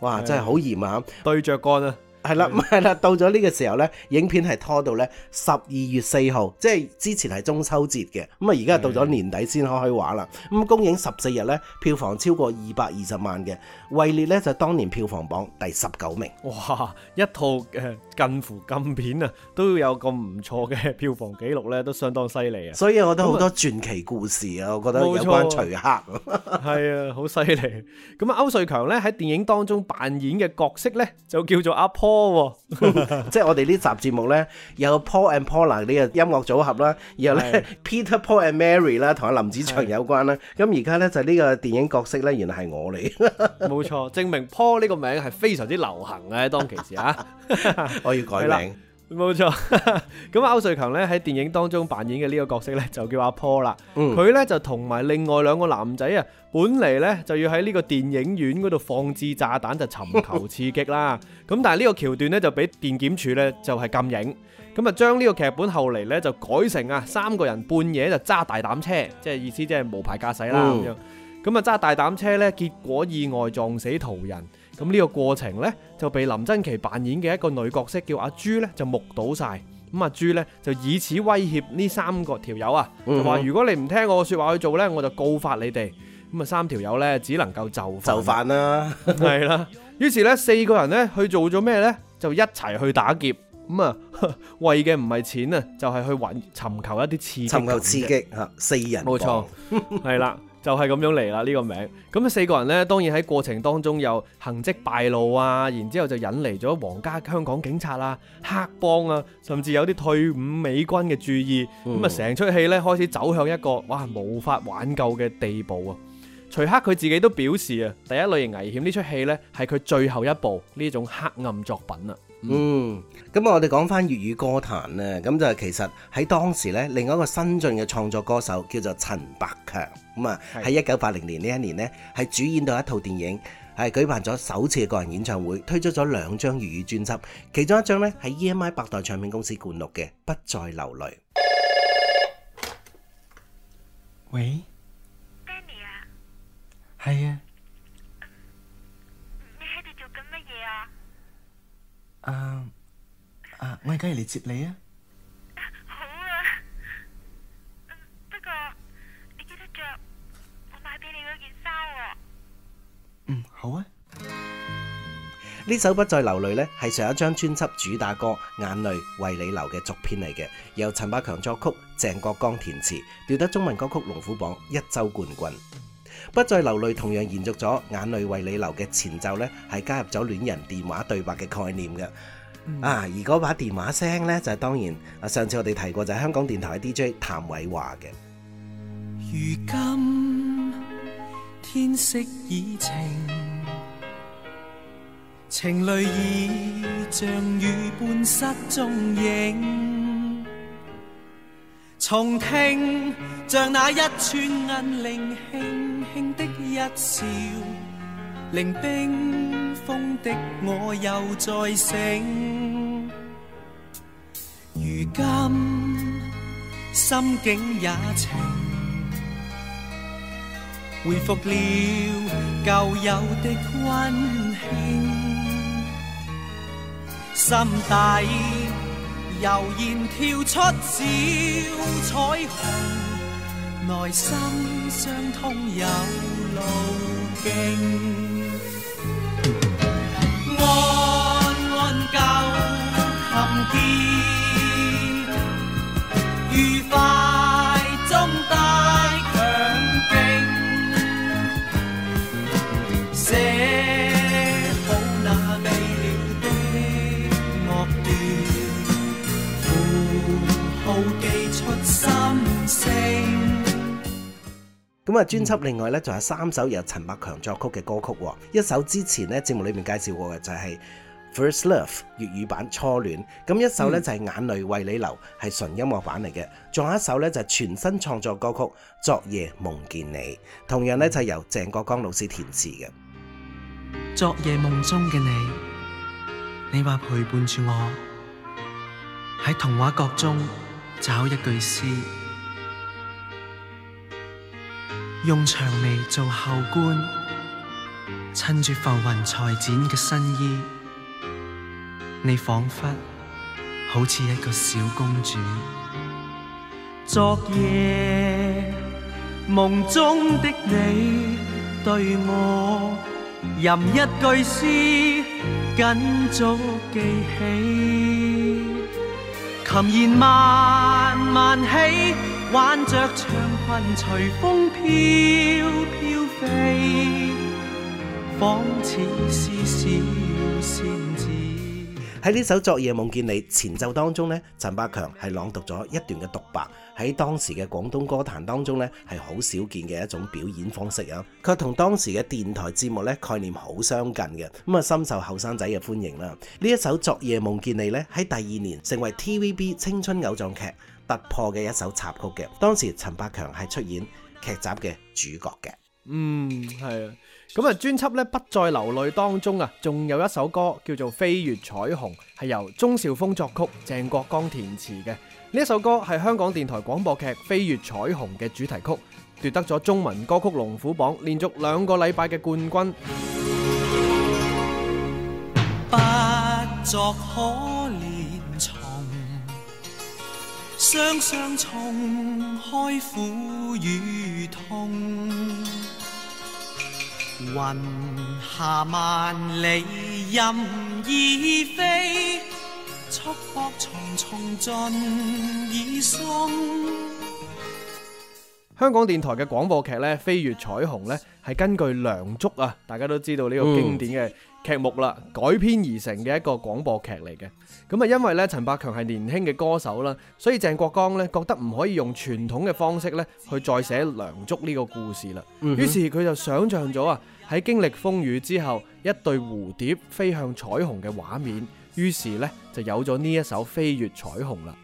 哇，的真係好嚴啊，對着幹啊。係啦，係啦，到咗呢個時候咧，影片係拖到咧十二月四號，即係之前係中秋節嘅。咁啊而家到咗年底先開開畫啦。咁公映十四日咧，票房超過二百二十萬嘅，位列咧就當年票房榜第十九名。哇，一套誒。嗯近乎禁片啊，都有咁唔錯嘅票房記錄咧，都相當犀利啊！所以我覺得好多傳奇故事啊，嗯、我覺得有關徐克，係錯 啊，好犀利！咁啊，歐瑞強咧喺電影當中扮演嘅角色咧，就叫做阿 Paul， 即係我哋呢集節目咧有 Paul and Paula 呢個音樂組合啦，然後咧是 Peter Paul and Mary 啦，同阿林子祥有關啦，咁而家咧就呢個電影角色咧，原來係我嚟，冇錯，證明 Paul 呢個名係非常之流行嘅當其時啊！ 可以改名，冇錯。咁區瑞強咧喺電影當中扮演嘅呢個角色咧就叫阿 Paul 啦。佢咧、嗯、就同埋另外兩個男仔啊，本嚟咧就要喺呢個電影院嗰度放置炸彈，就尋求刺激啦。咁 但係呢個橋段咧就俾電檢處咧就係、是、禁映。咁啊，將呢個劇本後嚟咧就改成啊三個人半夜就揸大膽車，即係意思即係無牌駕駛啦咁樣。咁啊揸大膽車咧，結果意外撞死途人。咁呢個過程呢，就被林珍奇扮演嘅一個女角色叫阿朱呢，就目睹晒，咁阿朱呢，就以此威脅呢三個條友啊，話、嗯、哼如果你唔聽我嘅說話去做呢，我就告發你哋。咁啊，三條友呢，只能夠就範就犯啦，係啦。於是呢，四個人呢，去做咗咩呢？就一齊去打劫。咁、嗯、啊，為嘅唔係錢啊，就係、是、去揾尋，尋求一啲刺激。尋求刺激，四人冇錯，係啦。就係咁樣嚟啦呢個名，咁啊四個人呢，當然喺過程當中又行跡敗露啊，然之後就引嚟咗皇家香港警察啊、黑幫啊，甚至有啲退伍美軍嘅注意，咁啊成出戲呢，開始走向一個哇無法挽救嘅地步啊！徐克佢自己都表示啊，第一類型危險呢出戲呢，係佢最後一部呢種黑暗作品啊。嗯，咁啊，我哋講返粵語歌壇咧，咁就其實喺當時呢，另一個新進嘅創作歌手叫做陳百強，咁啊喺一九八零年呢一年呢，係主演到一套電影，係舉辦咗首次嘅個人演唱會，推出咗兩張粵語專輯，其中一張呢係 EMI 百代唱片公司灌錄嘅《不再流淚》。喂，Danny 啊，係啊的。啊，誒，uh, uh, 我而家嚟接你啊！好啊，不過你記得着我買俾你嗰件衫喎、啊。嗯，好啊。呢、嗯、首不再流淚呢，係上一張專輯主打歌《眼淚為你流》嘅續篇嚟嘅，由陳百強作曲鄭，鄭國江填詞，奪得中文歌曲龍虎榜一周冠軍。不再流淚，同樣延續咗眼淚為你流嘅前奏呢，係加入咗戀人電話對白嘅概念嘅。嗯、啊，而嗰把電話聲呢，就係當然啊，上次我哋提過就係香港電台 DJ 譚偉華嘅。如今天色已晴，情淚已像雨般失蹤影。重聽像那一串銀鈴輕輕的一笑，令冰封的我又再醒，如今心境也晴，回復了舊有的溫馨心底。悠然跳出小彩虹，內心相通有路徑。咁啊，專輯、嗯、另外咧就有三首由陳百強作曲嘅歌曲，一首之前咧節目裏面介紹過嘅就係、是《First Love》粵語版初戀《初戀》，咁一首咧就係、是《眼淚為你流》，係純音樂版嚟嘅，仲有一首咧就係全新創作歌曲《昨夜夢見你》，同樣咧就係由鄭國江老師填詞嘅《昨夜夢中嘅你》，你話陪伴住我喺童話國中找一句詩。用薔薇做後冠，襯住浮雲裁剪嘅新衣，你彷彿好似一個小公主。昨夜夢中的你對我吟一句詩，今早記起，琴弦慢慢起。挽着長裙隨風飄飄飛，仿似是小仙子。喺呢首《昨夜夢見你》前奏當中咧，陳百強係朗讀咗一段嘅獨白，喺當時嘅廣東歌壇當中呢係好少見嘅一種表演方式啊！佢同當時嘅電台節目咧概念好相近嘅，咁啊深受後生仔嘅歡迎啦。呢一首《昨夜夢見你》呢，喺第二年成為 TVB 青春偶像劇突破嘅一首插曲嘅，當時陳百強係出演劇集嘅主角嘅。嗯，係啊。咁啊，專輯咧不再流淚當中啊，仲有一首歌叫做《飛越彩虹》，係由鍾肇峰作曲、鄭國江填詞嘅。呢一首歌係香港電台廣播劇《飛越彩虹》嘅主題曲，奪得咗中文歌曲龍虎榜連續兩個禮拜嘅冠軍。不作可憐。雙雙衝開苦與痛，雲霞萬里任意飛，束縛重重盡已鬆。香港電台嘅廣播劇咧，《飛越彩虹》咧係根據梁祝啊，大家都知道呢個經典嘅劇目啦，改編而成嘅一個廣播劇嚟嘅。咁啊，因為咧陳百強係年輕嘅歌手啦，所以鄭國江咧覺得唔可以用傳統嘅方式咧去再寫梁祝呢個故事啦。於是佢就想象咗啊，喺經歷風雨之後，一對蝴蝶飛向彩虹嘅畫面。於是咧就有咗呢一首《飛越彩虹》啦。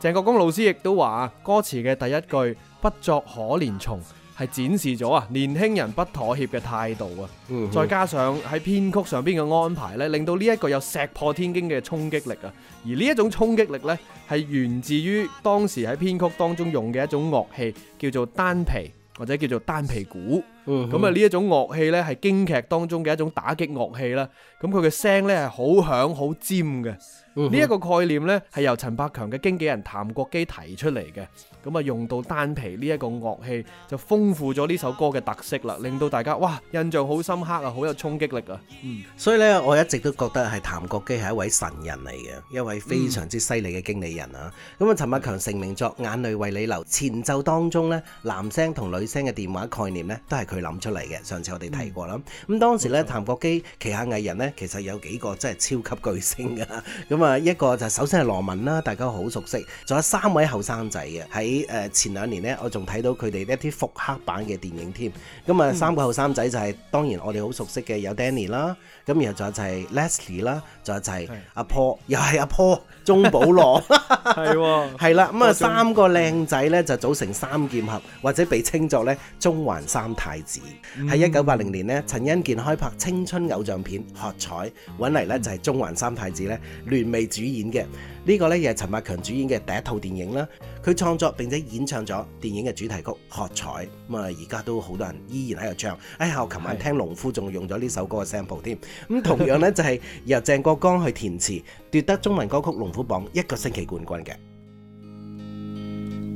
鄭國江老師亦都話歌詞嘅第一句。不作可憐蟲，係展示咗啊年輕人不妥協嘅態度啊！再加上喺編曲上邊嘅安排咧，令到呢一個有石破天驚嘅衝擊力啊！而呢一種衝擊力咧，係源自於當時喺編曲當中用嘅一種樂器，叫做單皮或者叫做單皮鼓。咁啊，呢一種樂器咧，係京劇當中嘅一種打擊樂器啦。咁佢嘅聲咧係好響好尖嘅。呢一 個概念咧，係由陳百強嘅經紀人譚國基提出嚟嘅。咁啊，用到單皮呢一個樂器就豐富咗呢首歌嘅特色啦，令到大家哇印象好深刻啊，好有衝擊力啊。嗯，所以呢，我一直都覺得係譚國基係一位神人嚟嘅，一位非常之犀利嘅經理人啊。咁啊、嗯，陳百強成名作《眼淚為你流》前奏當中呢，男聲同女聲嘅電話概念呢，都係佢諗出嚟嘅。上次我哋提過啦。咁、嗯、當時呢，冇錯。譚國基旗下藝人呢，其實有幾個真係超級巨星㗎。咁啊，一個就首先係羅文啦，大家好熟悉，仲有三位後生仔嘅喺。誒，前兩年呢，我仲睇到佢哋一啲復刻版嘅電影添。咁啊，三個後生仔就係、是、當然我哋好熟悉嘅，有 Danny 啦，咁然後仲有就係 Leslie 啦，仲有就係阿 Paul，又係阿 Paul。鍾保羅，係喎，係啦，咁 啊中三個靚仔咧就組成三劍俠，或者被稱作咧中環三太子。喺一九八零年呢，陳欣健開拍青春偶像片《喝彩》，揾嚟咧就係中環三太子咧聯袂主演嘅。呢個咧又係陳百強主演嘅第一套電影啦。佢創作並且演唱咗電影嘅主題曲《喝彩》。咁啊，而家都好多人依然喺度唱。哎呀，我琴晚聽農夫仲用咗呢首歌嘅 sample 添。咁的同樣咧就係由鄭國江去填詞，奪得中文歌曲龍一個星期冠軍嘅。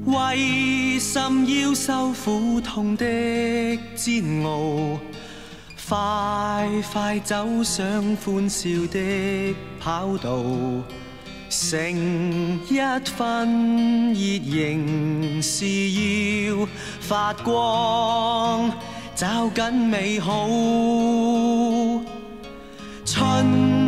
為什要受苦痛的煎熬？快快走上歡笑的跑道，成一分熱仍是要發光，找緊美好，春。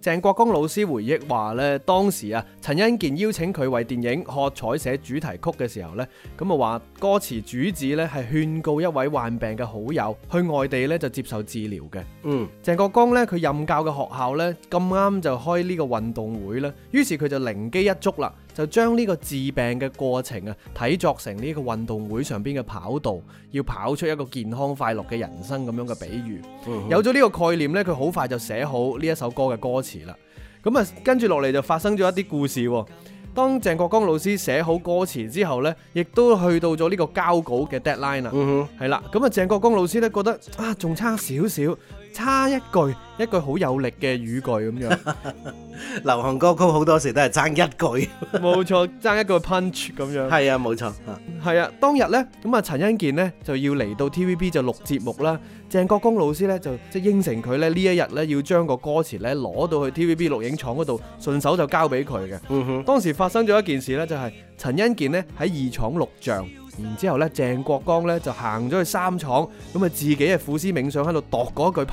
鄭國江老師回憶話咧，當時啊陳欣健邀請佢為電影喝彩寫主題曲嘅時候咧，咁啊話歌詞主旨咧係勸告一位患病嘅好友去外地咧就接受治療嘅。嗯，鄭國江咧佢任教嘅學校咧咁啱就開呢個運動會啦，於是佢就靈機一觸啦。就將呢個治病嘅過程啊，睇作成呢個運動會上邊嘅跑道，要跑出一個健康快樂嘅人生咁樣嘅比喻。嗯、哼有咗呢個概念，呢佢好快就寫好呢一首歌嘅歌詞啦。咁、嗯、啊，跟住落嚟就發生咗一啲故事。當鄭國江老師寫好歌詞之後呢，亦都去到咗呢個交稿嘅 deadline 啦。係啦、嗯哼。咁啊，鄭國江老師呢，覺得啊，仲差少少。差一句，一句好有力嘅語句咁樣。 流行歌曲好多時都係爭一句 錯，冇錯，爭一句 punch 咁樣。係 啊，冇錯，係啊、嗯、啊。當日呢，咁、嗯、啊，陳欣健呢就要嚟到 TVB 就錄節目啦。鄭國江老師呢就即係應承佢呢，呢一日呢要將個歌詞呢攞到去 TVB 錄影廠嗰度，順手就交俾佢嘅。 當時發生咗一件事呢，就係、是、陳欣健呢喺二廠錄像。然之後咧，鄭國江咧就行咗去三廠，咁啊自己啊苦思冥想喺度度過嗰句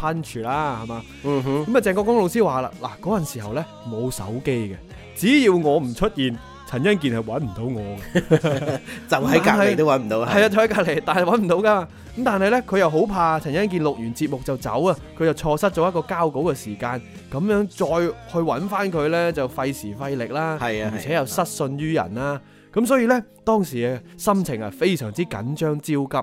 punch 啦，係嘛？嗯哼，咁啊鄭國江老師話啦，嗱嗰陣時候咧冇手機嘅，只要我唔出現，陳欣健係搵唔到我，嘅。 就喺隔籬都搵唔到，是啊？係啊，就喺隔籬，但係搵唔到噶。咁但係咧，佢又好怕陳欣健錄完節目就走啊，佢又錯失咗一個交稿嘅時間，咁樣再去搵翻佢咧就費時費力啦，係啊，而且又失信於人啦。咁所以呢，當時嘅心情啊，非常之緊張焦急。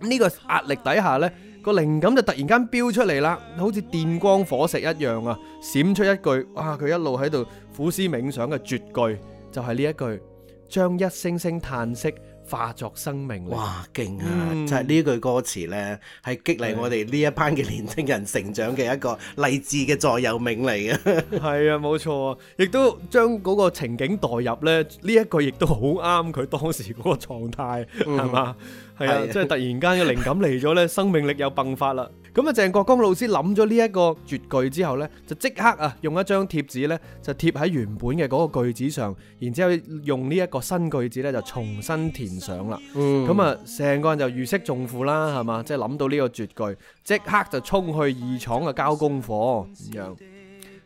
呢、呢個壓力底下，呢個靈感就突然間飆出嚟啦，好似電光火石一樣啊，閃出一句，哇！佢一路喺度苦思冥想嘅絕句，就係、是、呢一句，將一聲聲嘆息。化作生命，哇勁啊！就係呢句歌詞呢，係激勵我哋呢一班嘅年輕人成長嘅一個勵志嘅座右銘嚟嘅。係啊，冇錯啊，亦都將嗰個情景代入呢，呢一句亦都好啱佢當時嗰個狀態，係嘛、嗯？係啊，啊即係突然間嘅靈感嚟咗呢，生命力又迸發啦。咁啊，鄭國江老師諗咗呢一個絕句之後呢，就即刻啊用一張貼紙呢，就貼喺原本嘅嗰個句子上，然之後用呢一個新句子呢，就重新填上啦。咁啊、嗯，成、嗯、個人就如釋重負啦，係嘛？即係諗到呢個絕句，即刻就衝去二廠嘅交功課咁樣。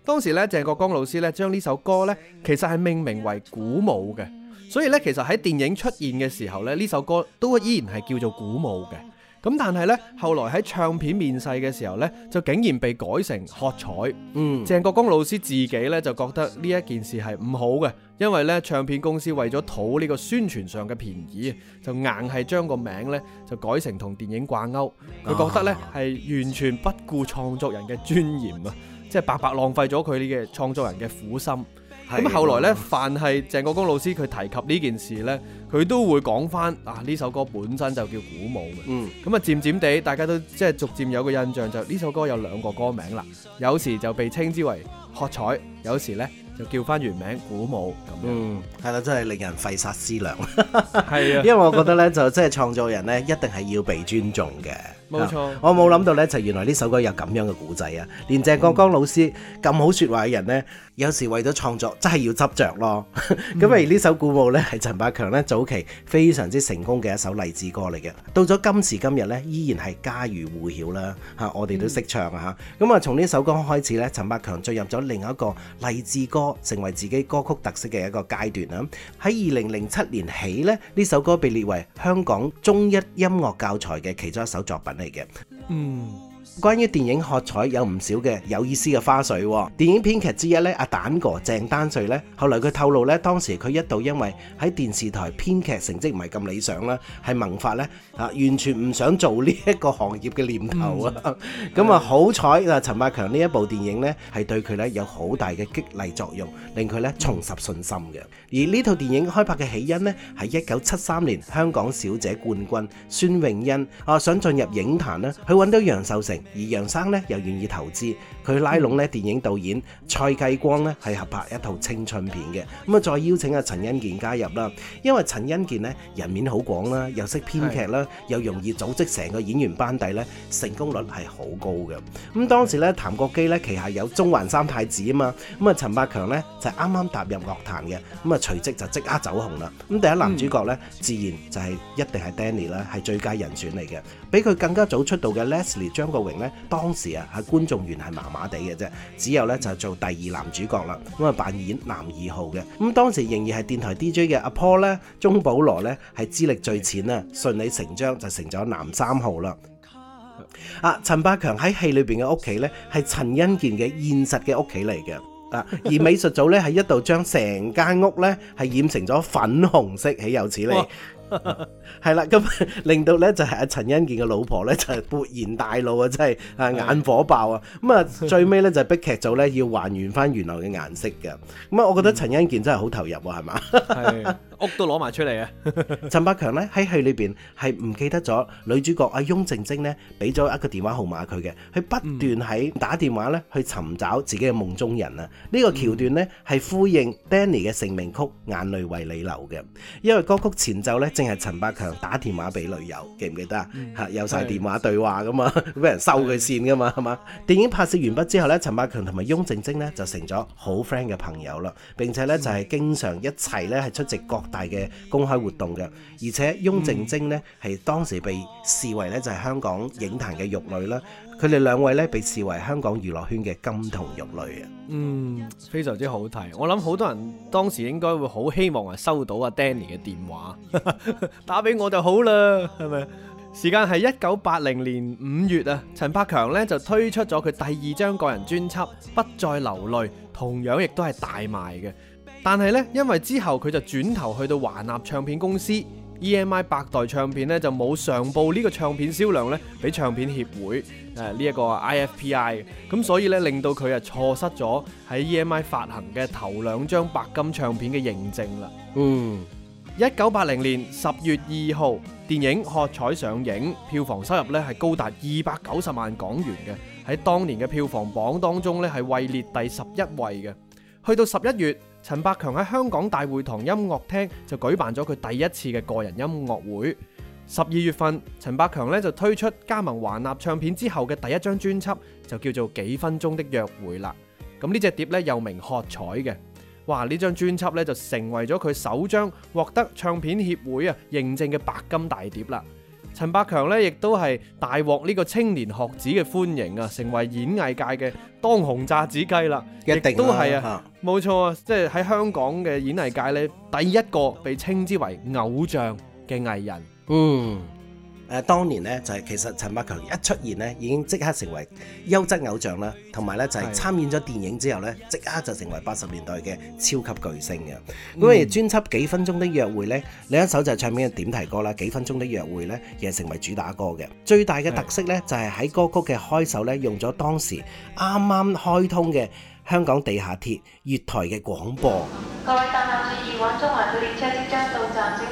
當時咧，鄭國江老師呢，將呢首歌呢，其實係命名為《鼓舞》嘅，所以呢，其實喺電影出現嘅時候呢，呢首歌都依然係叫做《鼓舞》嘅。咁但係呢，後來喺唱片面世嘅時候呢，就竟然被改成喝彩。嗯，鄭國江老師自己呢，就覺得呢一件事係唔好嘅，因為呢唱片公司為咗討呢個宣傳上嘅便宜，就硬係將個名呢就改成同電影掛鈎。佢覺得呢係完全不顧創作人嘅尊嚴啊，即係白白浪費咗佢嘅創作人嘅苦心。咁後來咧，凡係鄭國江老師佢提及呢件事咧，佢都會講翻啊！呢首歌本身就叫古《鼓舞》嘅。嗯。咁啊，漸漸地，大家都即係逐漸有個印象，就呢首歌有兩個歌名啦。有時就被稱之為《喝彩》，有時咧就叫翻原名古《鼓舞》。嗯。咁樣係啦，真係令人費煞思量。係啊。因為我覺得咧，就即、是、係創造人咧，一定係要被尊重嘅。冇錯，我冇諗到呢就原來呢首歌有咁樣嘅古仔啊！連鄭國江老師咁好説話嘅人呢，有時為咗創作真係要執着咯。咁 而呢首《鼓舞》呢，係陳百強呢早期非常之成功嘅一首勵志歌嚟嘅。到咗今時今日呢，依然係家喻戶曉啦嚇、啊，我哋都識唱啊嚇。咁啊，從呢首歌開始呢，陳百強進入咗另一個勵志歌，成為自己歌曲特色嘅一個階段啦。喺二零零七年起呢，呢首歌被列為香港中一音樂教材嘅其中一首作品嚟嘅，嗯，關於電影喝彩，有唔少嘅有意思嘅花絮。電影編劇之一咧，阿蛋哥鄭丹瑞咧，後來佢透露咧，當時佢一度因為喺電視台編劇成績唔係咁理想啦，係萌發咧。完全唔想做呢一個行業嘅念頭啊！咁啊好彩嗱，陳百強呢一部電影呢，係對佢呢有好大嘅激勵作用，令佢呢重拾信心嘅。而呢套電影開拍嘅起因呢，係一九七三年，香港小姐冠軍孫泳恩啊，想進入影壇啦，去揾到楊受成，而楊生呢又願意投資。佢拉攏咧電影導演蔡繼光咧係，合拍一套青春片嘅，咁啊再邀請阿陳欣健加入啦，因為陳欣健咧人面好廣啦，又識編劇啦，又容易組織成個演員班底咧，成功率係好高嘅。咁當時咧，譚國基咧旗下有中環三太子啊嘛，咁啊陳百強咧就啱啱踏入樂壇嘅，咁啊隨即就即刻走紅啦。咁第一男主角咧自然就係一定係 Danny 啦，係最佳人選嚟嘅。比佢更加早出道嘅 Leslie 張國榮呢，當時啊係觀眾緣係麻麻地嘅啫，只有呢就做第二男主角啦，咁啊扮演男二號嘅。咁當時仍然係電台 DJ 嘅阿 Paul 咧，鐘保羅呢係資歷最淺啊，順理成章就成咗男三號啦。啊，陳百強喺戲裏邊嘅屋企呢，係陳欣健嘅現實嘅屋企嚟嘅。啊，而美術組呢，係一度將成間屋呢係染成咗粉紅色，豈有此理。係啦，咁 令到咧就係阿陳欣健嘅老婆咧就係勃然大怒啊，真係啊眼火爆啊，咁啊 最尾咧就係逼劇組咧要還原翻原來嘅顏色嘅，咁啊我覺得陳欣健真係好投入啊，係嘛係。屋都攞埋出嚟啊。陳百強咧喺戲裏邊係唔記得咗女主角阿雍正晶咧俾咗一個電話號碼佢嘅，佢不斷喺打電話咧去尋找自己嘅夢中人啊！呢個橋段咧係呼應 Danny 嘅成名曲《眼淚為你流》嘅，因為歌曲前奏咧正係陳百強打電話俾女友，記唔記得、嗯、啊？嚇有晒電話對話噶嘛，俾的 人收佢線噶嘛，係嘛的？的電影拍攝完畢之後咧，陳百強同埋翁靜晶咧就成咗好 friend 嘅朋友啦，並且咧就係經常一齊咧係出席各大嘅公開活動嘅，而且翁靜晶呢，係當時被視為咧就係香港影壇嘅玉女啦，佢哋兩位咧被視為香港娛樂圈嘅金童玉女啊。嗯，非常之好睇，我諗好多人當時應該會好希望啊收到阿 Danny 嘅電話， 打俾我就好啦，係咪？時間係一九八零年五月啊，陳百強呢，就推出咗佢第二張個人專輯《不再流淚》，同樣亦都係大賣嘅。但係咧，因為之後佢就轉頭去到華納唱片公司 EMI 百代唱片咧，就冇上報呢個唱片銷量咧，俾唱片協會誒呢一個 IFPI，嗯。咁所以咧，令到佢啊錯失咗喺 EMI 發行嘅頭兩張白金唱片嘅認證啦。嗯，一九八零年十月二號，電影《喝彩》上映，票房收入咧係高達二百九十萬港元嘅，喺當年嘅票房榜當中咧係位列第十一位嘅。去到十一月。陳百強喺香港大會堂音樂廳就舉辦咗佢第一次嘅個人音樂會。十二月份，陳百強咧就推出加盟華納唱片之後嘅第一張專輯，就叫做《幾分鐘的約會》啦。咁呢隻碟咧又名喝彩嘅。哇！張專輯呢張專輯咧就成為咗佢首張獲得唱片協會啊認證嘅白金大碟啦。陳百強咧，亦都係大獲呢個青年學子嘅歡迎啊，成為演藝界嘅當紅炸子雞啦。一定都係啊，冇錯啊，即係喺香港嘅演藝界咧，第一個被稱之為偶像嘅藝人。嗯。誒，當年咧就係其實陳百強一出現咧，已經即刻成為優質偶像啦，同埋咧就係參演咗電影之後咧，即刻就成為八十年代嘅超級巨星嘅。咁譬如專輯《幾分鐘的約會》咧，另一首就係唱片嘅點題歌啦，《幾分鐘的約會》咧亦成為主打歌嘅。最大嘅特色咧就係喺歌曲嘅開首咧用咗當時啱啱開通嘅香港地下鐵月台嘅廣播。各位乘客注意，往中環嘅列車即將到站。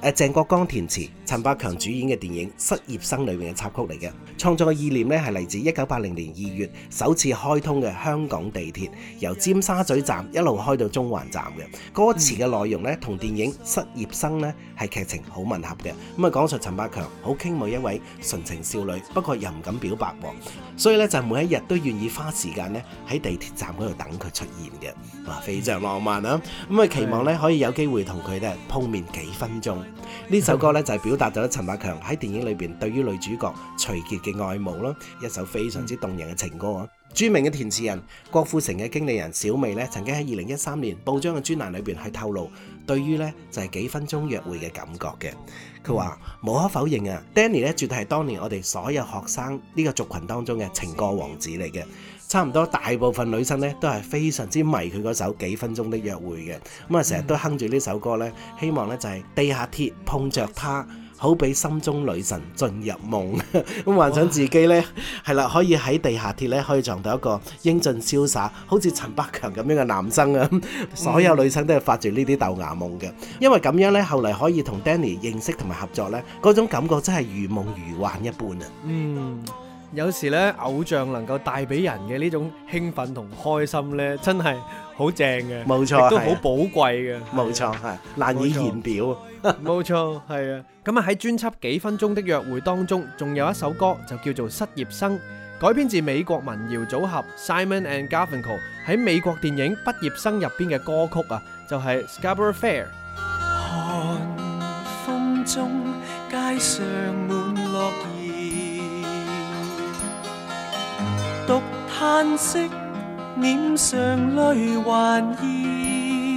誒、呃、鄭國江填詞，陳百強主演嘅電影《失業生》裏面嘅插曲嚟嘅，創作嘅意念咧係嚟自一九八零年二月首次開通嘅香港地鐵，由尖沙咀站一路開到中環站嘅。歌詞嘅內容咧同電影《失業生》咧係劇情好吻合嘅。咁啊講述陳百強好傾慕一位純情少女，不過又唔敢表白喎，所以咧就每一日都願意花時間咧喺地鐵站嗰度等佢出現嘅，哇非常浪漫啊！咁、嗯、啊期望咧可以有機會同佢咧碰面幾分鐘。呢首歌咧就係表達咗陳百強喺電影裏邊對於女主角徐傑嘅愛慕啦，一首非常之動人嘅情歌啊！著名嘅填詞人郭富城嘅經理人小美咧，曾經喺二零一三年報章嘅專欄裏邊係透露，對於咧就係、是、幾分鐘約會嘅感覺嘅，佢話無可否認啊，Danny 咧絕對係當年我哋所有學生呢個族群當中嘅情歌王子嚟嘅。差唔多大部分女生咧都係非常之迷佢嗰首《幾分鐘的約會》嘅，咁啊成日都哼住呢首歌咧，希望咧就係地下鐵碰着他，好比心中女神進入夢，咁 幻想自己咧係哇啦，可以喺地下鐵咧可以撞到一個英俊瀟灑，好似陳百強咁樣嘅男生啊！ 所有女生都係發住呢啲豆芽夢嘅， 因為咁樣咧後嚟可以同 Danny 認識同埋合作咧，嗰種感覺真係如夢如幻一般啊！嗯。有時咧，偶像能夠帶俾人嘅呢種興奮同開心咧，真係好正嘅，冇錯，都好寶貴嘅，冇錯係，難以言表，冇錯係啊。咁啊喺專輯《幾分鐘的約會》當中，仲有一首歌就叫做《失業生》，改編自美國民謠組合 Simon and Garfunkel 喺美國電影《畢業生》入邊嘅歌曲啊，就係《Scarborough Fair》。寒風中，街上滿落葉。嘆息，臉上淚還溢。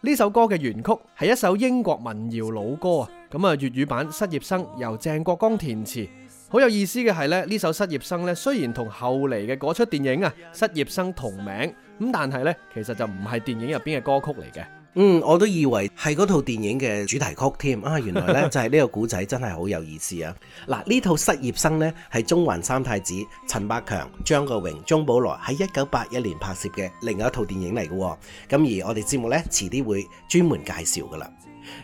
呢首歌嘅原曲係一首英國民謠老歌啊，咁啊粵語版《失業生》由鄭國江填詞。好有意思嘅係呢，呢首《失業生》呢，雖然同後嚟嘅嗰出電影啊《失業生》同名，咁但係呢，其實就唔係電影入邊嘅歌曲嚟嘅。嗯，我都以為係嗰套電影嘅主題曲添啊！原來呢就係呢個古仔，真係好有意思啊！嗱，呢套失業生呢係中環三太子陳百強、張國榮、鍾保羅喺一九八一年拍攝嘅另外一套電影嚟嘅，咁而我哋節目呢，遲啲會專門介紹㗎啦。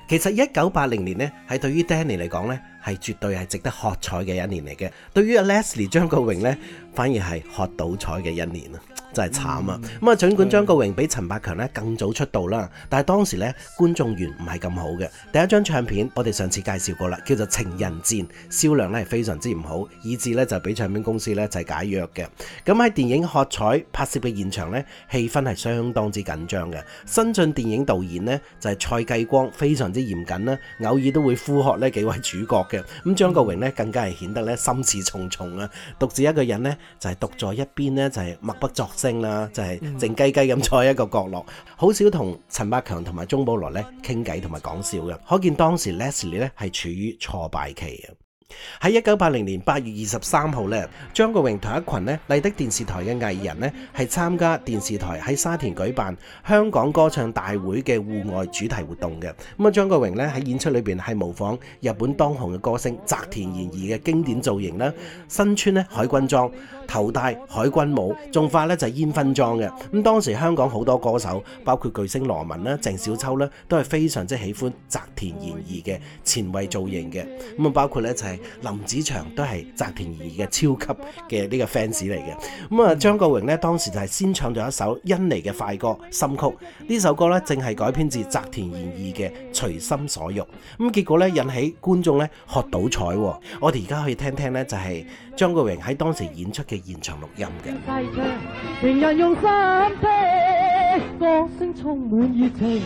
其實一九八零年呢，係對於 Danny 嚟講呢，係絕對係值得喝彩嘅一年嚟嘅，對於阿 Leslie 張國榮呢，反而係喝倒彩嘅一年啊，真係慘啊！咁啊，儘管張國榮比陳百強咧更早出道啦，但係當時咧觀眾緣唔係咁好嘅。第一張唱片我哋上次介紹過啦，叫做《情人戰》，銷量咧係非常之唔好，以致咧就俾唱片公司咧就係解約嘅。咁喺電影《喝彩》拍攝嘅現場咧，氣氛係相當之緊張嘅。新晉電影導演呢，就係蔡繼光，非常之嚴謹啦，偶爾都會呼喝呢幾位主角嘅。咁張國榮咧更加係顯得咧心事重重啊，獨自一個人咧。就係獨在一邊咧，就係、是、默不作聲啦，就係、是、靜雞雞咁坐在一個角落，好少同陳百強同埋鍾保羅咧傾偈同埋講笑嘅，可見當時 Leslie 咧係處於挫敗期嘅。喺一九八零年八月二十三號咧，張國榮同一群呢麗的電視台嘅藝人呢，係參加電視台喺沙田舉辦香港歌唱大會嘅戶外主題活動嘅。咁啊，張國榮咧喺演出裏邊係模仿日本當紅嘅歌星澤田研二嘅經典造型啦，身穿呢海軍裝，頭戴海軍帽，仲化咧就係煙熏妝嘅。咁當時香港好多歌手，包括巨星羅文啦、鄭少秋啦，都係非常之喜歡澤田研二嘅前衛造型嘅。咁啊，包括咧就係林子祥都係澤田研二嘅超級嘅呢個 fans 嚟嘅。咁啊，張國榮咧當時就係先唱咗一首印尼嘅快歌《心曲》，呢首歌咧正係改編自澤田研二嘅《隨心所欲》。咁結果咧引起觀眾咧喝倒彩。我哋而家可以聽聽咧就係、是。張國榮喺當時演出嘅現場錄音嘅。歌聲充滿熱情。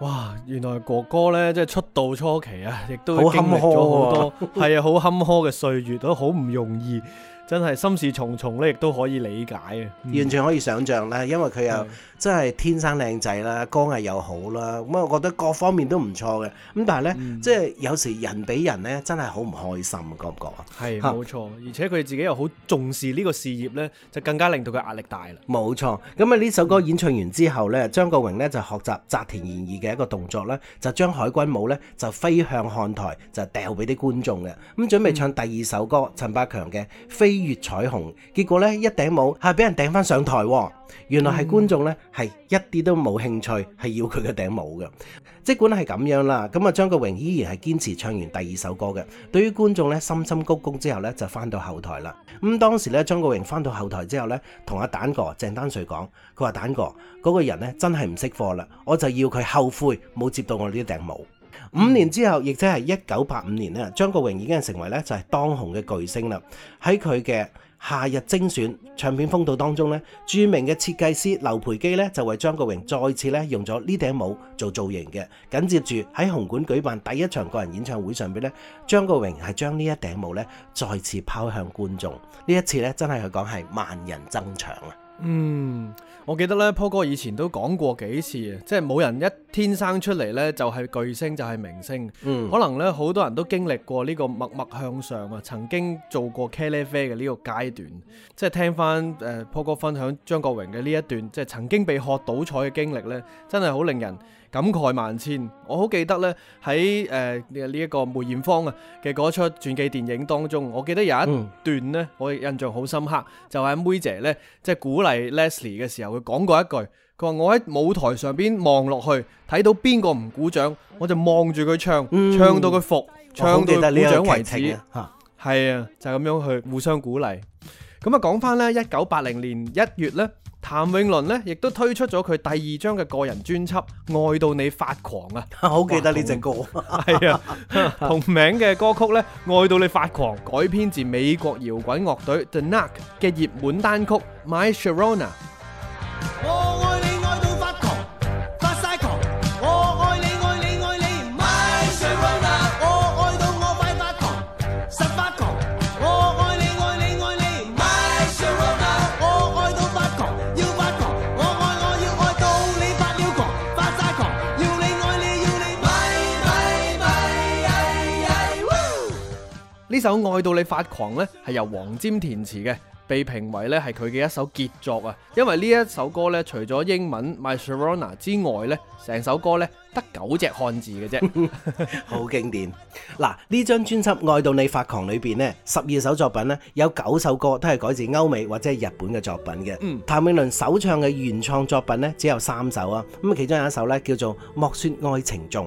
哇，原來哥哥咧，即係出道初期啊，亦都經歷咗好多，係坎啊， 啊，好坎坷嘅歲月，都好唔容易，真係心事重重咧，亦都可以理解啊，嗯、完全可以想象啦，因為佢有。真係天生靚仔啦，歌藝又好啦，咁我覺得各方面都唔錯嘅。咁但係呢，嗯、即係有時人比人呢，真係好唔開心，覺唔覺啊？係冇錯，而且佢自己又好重視呢個事業呢，就更加令到佢壓力大啦。冇錯，咁啊呢首歌演唱完之後呢，嗯、張國榮呢就學習澤田研二嘅一個動作咧，就將海軍帽呢就飛向看台，就掉俾啲觀眾嘅。咁準備唱第二首歌，嗯、陳百強嘅《飛越彩虹》，結果呢，一頂帽係俾人頂翻上台，原來係觀眾呢。嗯嗯係一啲都冇興趣，係要佢嘅頂帽嘅。即管係咁樣啦，咁啊張國榮依然係堅持唱完第二首歌嘅。對於觀眾咧，深深鞠躬之後咧就翻到後台啦。咁當時咧張國榮翻到後台之後咧，同阿蛋哥鄭丹瑞講：佢話蛋哥嗰個人咧真係唔識貨啦，我就要佢後悔冇接到我呢頂帽。五年之後，亦即係一九八五年咧，張國榮已經係成為咧就係當紅嘅巨星啦。喺佢嘅夏日精選唱片封套當中咧，著名嘅設計師劉培基咧就為張國榮再次咧用咗呢頂帽做造型嘅。緊接住喺紅館舉辦第一場個人演唱會上邊咧，張國榮係將呢一頂帽咧再次拋向觀眾，呢一次咧真係佢講係萬人爭搶啊！嗯，我記得咧，坡哥以前都講過幾次嘅，即係冇人一天生出嚟咧就係、是、巨星就係、是、明星，嗯、可能咧好多人都經歷過呢個默默向上啊，曾經做過茄喱啡嘅呢個階段，即係聽翻誒、呃、坡哥分享張國榮嘅呢一段，即係曾經被喝倒彩嘅經歷咧，真係好令人感慨萬千，我好記得呢喺誒呢一個梅艷芳啊嘅嗰出傳記電影當中，我記得有一段呢，嗯、我印象好深刻，就係、是、梅姐呢，即、就、係、是、鼓勵 Leslie 嘅時候，佢講過一句，佢話我喺舞台上邊望落去，睇到邊個唔鼓掌，我就望住佢唱，唱到佢服，嗯、唱到鼓掌為止，嚇、嗯，係、哦、啊，啊，就咁、是、樣去互相鼓勵。咁啊，講翻咧，一九八零年一月咧，譚詠麟咧亦都推出咗佢第二張嘅個人專輯《愛到你發狂》啊，好 記得呢隻歌，係啊，同名嘅歌曲咧《愛到你發狂》 改編自美國搖滾樂隊 The Knack 嘅熱門單曲《My Sharona》。Oh! 呢首《愛到你發狂》呢係由黃霑填詞嘅，被評為咧係佢嘅一首傑作啊！因為呢一首歌咧，除咗英文《My Sharona》之外咧，成首歌咧得九隻漢字嘅啫， 好經典。嗱，呢張專輯《愛到你發狂》裏邊呢，十二首作品呢，有九首歌都係改自歐美或者係日本嘅作品嘅。嗯，譚詠麟首唱嘅原創作品呢，只有三首啊。咁其中有一首咧叫做《莫說愛情重》。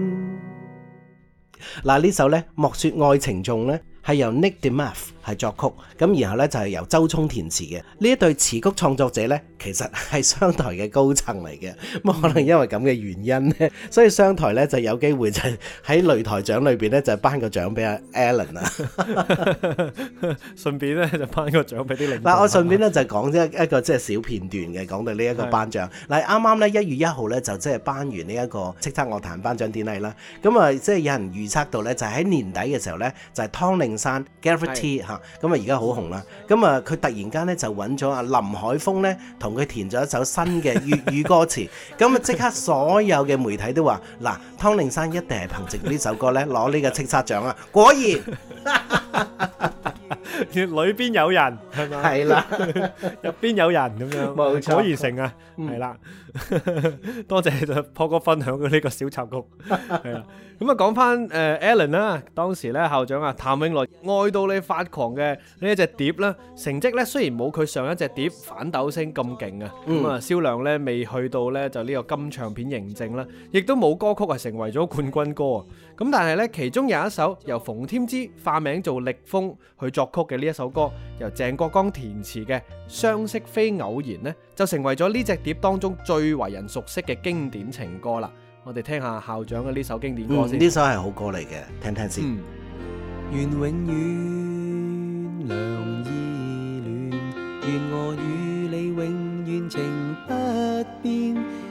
嗱，呢首咧莫說愛情重咧，係由 Nick Demuth 係作曲，咁然後咧就係由周沖填詞嘅。呢一對詞曲創作者咧，其實係商台嘅高層嚟嘅。咁可能因為咁嘅原因咧，所以商台咧就有機會就喺擂台獎裏邊咧就頒個獎俾阿 Alan 啦，順 便咧就頒個獎俾啲另。嗱，我順便咧就講一一個即係小片段嘅，講到呢一個頒獎。嗱，啱啱咧一月一號咧就即係頒完呢一個叱咤樂壇頒獎典禮啦。咁啊即係有人預測到咧，就喺年底嘅時候咧就係湯令山、Gareth T 吓。咁啊，而家好紅啦！咁啊，佢突然間呢就揾咗阿林海峰呢，同佢填咗一首新嘅粵語歌詞。咁啊，即刻所有嘅媒體都話：嗱，湯令山一定係憑借呢首歌呢攞呢個叱咤獎啊！果然， 裏邊有人係咪？係是啦，入邊有人咁樣，錯果然成啊！係啦、嗯。 多謝就波哥分享嘅呢個小插曲，係啦。咁啊，講翻誒 Alan 啦，當時咧校長啊譚詠麟愛到你發狂嘅呢一隻碟啦。成績咧雖然冇佢上一隻碟反斗星咁勁啊，咁啊銷量咧未去到咧就呢個金唱片認證啦，亦都冇歌曲係成為咗冠軍歌啊。咁但係咧，其中有一首由馮添枝化名做力風去作曲嘅呢一首歌，由鄭國江填詞嘅《相識非偶然》呢，就成為咗呢隻碟當中最為人熟悉嘅經典情歌啦。我哋聽下校長嘅呢首經典歌先。嗯，呢首係好歌嚟嘅，聽聽先。嗯，願永遠兩依戀，願我與你永遠情不變。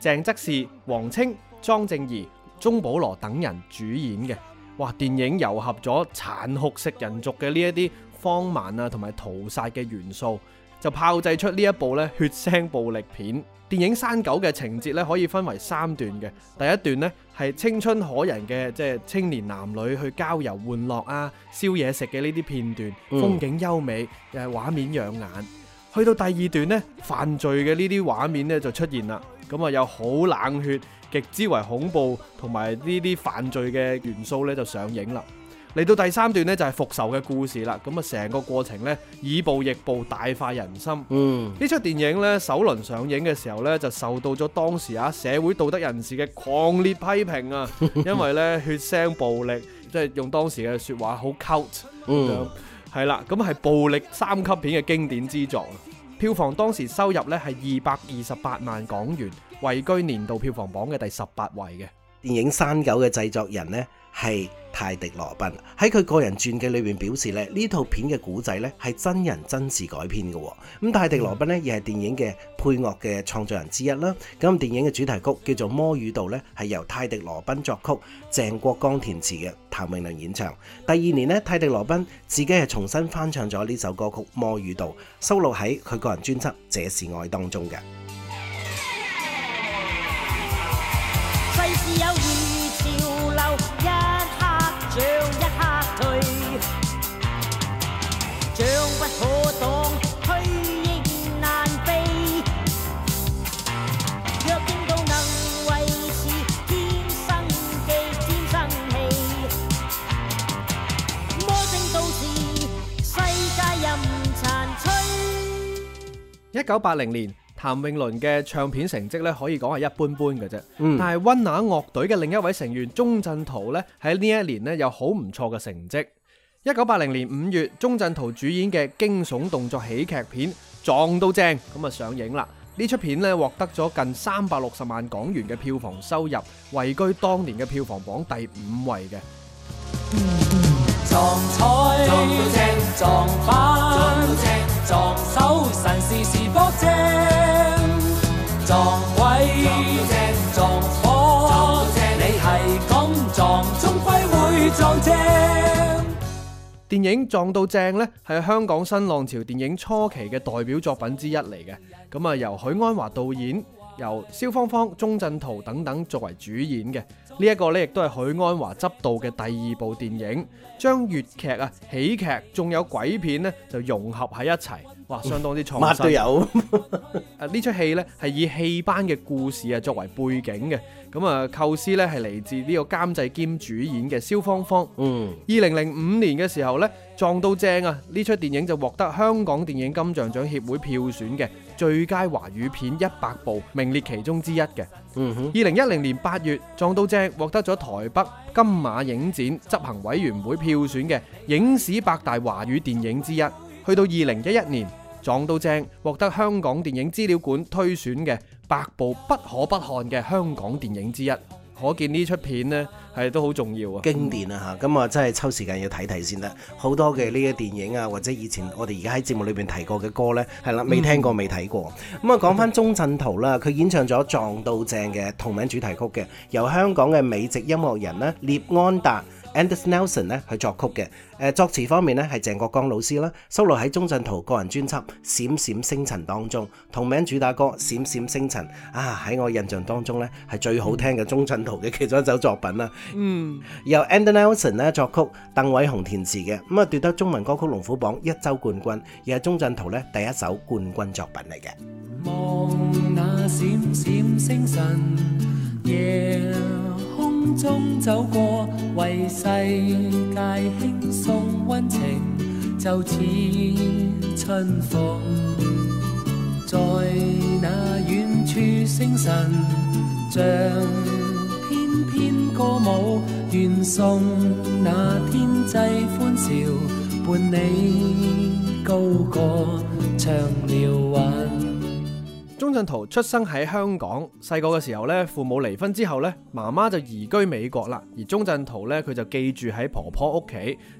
鄭則仕、王青、莊正儀、鍾保羅等人主演嘅。哇！電影糅合咗殘酷食人族嘅呢一啲荒蠻啊，同埋屠殺嘅元素，就炮製出呢一部咧血腥暴力片。電影《山狗》嘅情節咧可以分為三段嘅。第一段呢，係青春可人嘅，即係青年男女去郊遊、玩樂啊、宵夜食嘅呢啲片段，風景優美，誒，畫面養眼。去到第二段呢，犯罪嘅呢啲畫面咧就出現啦。咁啊，有好冷血、極之為恐怖同埋呢啲犯罪嘅元素咧，就上映啦。嚟到第三段呢，就係復仇嘅故事啦。咁啊，成個過程呢，以暴易暴，大快人心。嗯，呢出電影呢，首輪上映嘅時候呢，就受到咗當時啊社會道德人士嘅狂烈批評啊， 因為呢血腥暴力，即係用當時嘅說話好 cult 咁樣。係啦，咁係暴力三級片嘅經典之作。票房當時收入咧，係二百二十八萬港元，位居年度票房榜嘅第十八位嘅。電影《山狗》嘅製作人呢係泰迪羅賓喺佢個人傳記裏面表示咧，呢套片嘅古仔咧，係真人真事改編嘅。咁泰迪羅賓呢，亦係電影嘅配樂嘅創作人之一啦。咁電影嘅主題曲叫做《魔與道》咧，係由泰迪羅賓作曲、鄭國江填詞嘅，譚詠麟演唱。第二年呢，泰迪羅賓自己係重新翻唱咗呢首歌曲《魔與道》，收錄喺佢個人專輯《這是愛》當中嘅。一九八零年，譚詠麟嘅唱片成績咧可以講係一般般嘅啫。嗯、但係温拿樂隊嘅另一位成員鐘鎮濤咧，喺呢一年咧有好唔錯嘅成績。一九八零年五月，鍾鎮濤主演嘅驚悚動作喜劇片《撞到正》咁啊上映啦。呢出片咧獲得咗近三百六十萬港元嘅票房收入，位居當年嘅票房榜第五位嘅。嗯撞彩撞到正，撞板撞到正，撞手神事事搏正，撞鬼撞到正，撞火撞到正，你係咁撞，終歸會撞正。電影《撞到正》咧，係香港新浪潮電影初期嘅代表作品之一嚟嘅。咁啊，由許鞍華導演，由蕭芳芳、鍾鎮濤等等作爲主演嘅。呢一個咧，亦都係許鞍華執導嘅第二部電影，將粵劇啊、喜劇仲有鬼片呢，就融合喺一齊，哇！相當之創新，乜都有。呢 出、啊、戲呢，係以戲班嘅故事啊作為背景嘅，咁啊構思呢，係嚟自呢個監製兼主演嘅蕭芳芳。嗯，二零零五年嘅時候呢，撞到正啊，呢出電影就獲得香港電影金像獎協會票選嘅。最佳華語片一百部名列其中之一嘅，二零一零年八月《撞到正》獲得咗台北金馬影展執行委員會票選嘅影史百大華語電影之一，去到二零一一年《撞到正》獲得香港電影資料館推選嘅百部不可不看嘅香港電影之一。可見呢出片呢，係都好重要啊，經典啊吓，咁啊真係抽時間要睇睇先啦。好多嘅呢啲電影啊，或者以前我哋而家喺節目裏邊提過嘅歌呢，係啦，未聽過未睇過。咁啊講翻鍾鎮濤啦，佢演唱咗《撞到正》嘅同名主題曲嘅，由香港嘅美籍音樂人呢，聶安達，Anders Nelsson 咧去作曲嘅，誒作詞方面咧係鄭國江老師啦，收錄喺鍾鎮濤個人專輯《閃閃星辰》當中，同名主打歌《閃閃星辰》啊，喺我印象當中咧係最好聽嘅鍾鎮濤嘅其中一首作品啦。嗯，由 Anders Nelsson 咧作曲，鄧偉雄填詞嘅，咁啊奪得中文歌曲龍虎榜一週冠軍，而係鍾鎮濤咧第一首冠軍作品嚟嘅。望那閃閃星辰夜。風中走過，為世界輕送温情，就似春風。在那遠處星辰，像翩翩歌舞，願送那天際歡笑，伴你高歌唱遼遠。鍾鎮濤出生喺香港，細個嘅時候咧，父母離婚之後咧，媽媽就移居美國啦，而鍾鎮濤咧，佢就寄住喺婆婆屋企，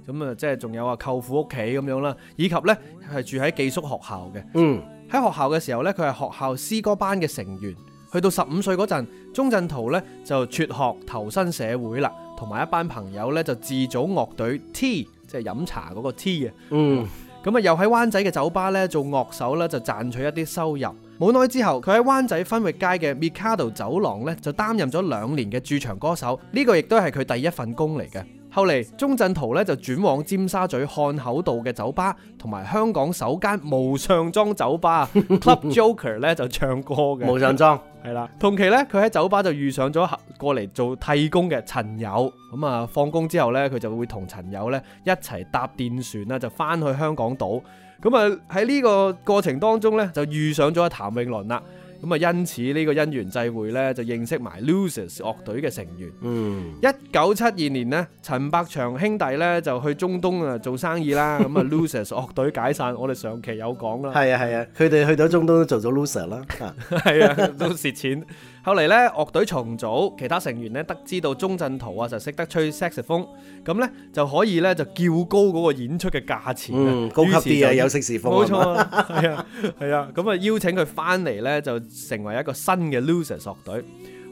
咁啊，即係仲有啊舅父屋企咁樣啦，以及咧係住喺寄宿學校嘅。嗯，喺學校嘅時候咧，佢係學校詩歌班嘅成員。去到十五歲嗰陣，鍾鎮濤咧就輟學投身社會啦，同埋一班朋友咧就自組樂隊 T，即係飲茶嗰個 T 嘅。嗯，咁啊、嗯，又喺灣仔嘅酒吧咧做樂手啦，就賺取一啲收入。冇耐之後，佢喺灣仔分域街嘅 Mikado 走廊咧就擔任咗兩年嘅駐場歌手，呢、這個亦都係佢第一份工嚟嘅。後嚟，鍾鎮濤咧就轉往尖沙咀漢口道嘅酒吧同埋香港首間無上裝酒吧 Club Joker 咧 就唱歌嘅無上裝係啦。 同期咧，佢喺酒吧就遇上咗過嚟做替工嘅陳友，咁、嗯、啊放工之後咧，佢就會同陳友咧一齊搭電船啦，就翻去香港島。咁啊喺呢個過程當中咧，就遇上咗阿譚詠麟啦。咁啊，因此呢個姻緣際會咧，就認識埋 Losers 樂隊嘅成員。嗯。一九七二年呢，陳百祥兄弟咧就去中東啊做生意啦。咁啊，Losers 樂隊解散，我哋上期有講啦。係啊係啊，佢哋去咗中東都做咗 Loser 啦。係啊，都蝕錢。後嚟咧樂隊重組，其他成員咧得知道鍾鎮濤啊就識得吹薩克斯風，咁咧就可以咧就叫高嗰個演出嘅價錢。高級啲啊，有薩克斯風。冇 錯啊，係啊係啊，咁啊、嗯、邀請佢翻嚟咧就。成為一個新嘅 Losers 樂隊。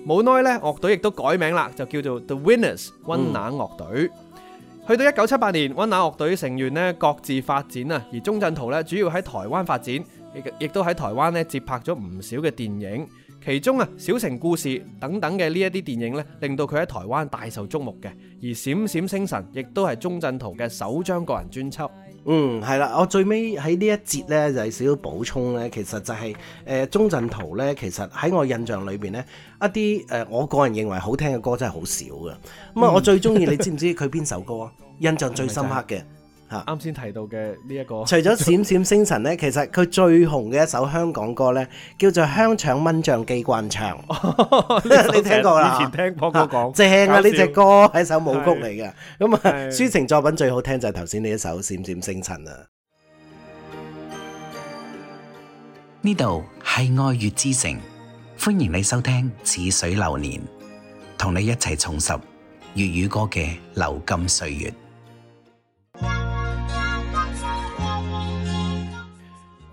冇耐咧樂隊亦都改名啦，就叫做 The Winners 温拿樂隊。去到一九七八年，温拿樂隊成員咧各自發展啊，而鍾鎮濤咧主要喺台灣發展，亦亦都喺台灣咧接拍咗唔少嘅電影，其中啊小城故事等等嘅呢一啲電影咧，令到佢喺台灣大受矚目嘅。而閃閃星辰亦都係鍾鎮濤嘅首張個人專輯。嗯，係啦，我最尾喺呢一節呢，就係少少補充呢，其實就係誒鍾鎮濤咧，其實喺我印象裏邊呢，一啲誒、呃，我個人認為好聽嘅歌真係好少嘅。咁啊、嗯，我最中意 你知唔知佢邊首歌啊？印象最深刻嘅。是啱先提到嘅呢一個除，除咗《閃閃星辰》呢， 其實佢最紅嘅一首香港歌呢，叫做《香腸蚊醬雞灌腸》， 你聽過啦？以 前聽波哥哥講，正啊呢隻 歌係一首舞曲嚟嘅。咁啊，抒情作品最好聽就係頭先呢一首《閃閃星辰》啊。呢度係愛粵之城，歡迎你收聽《似水流年》，同你一齊重拾粵語歌嘅流金歲月。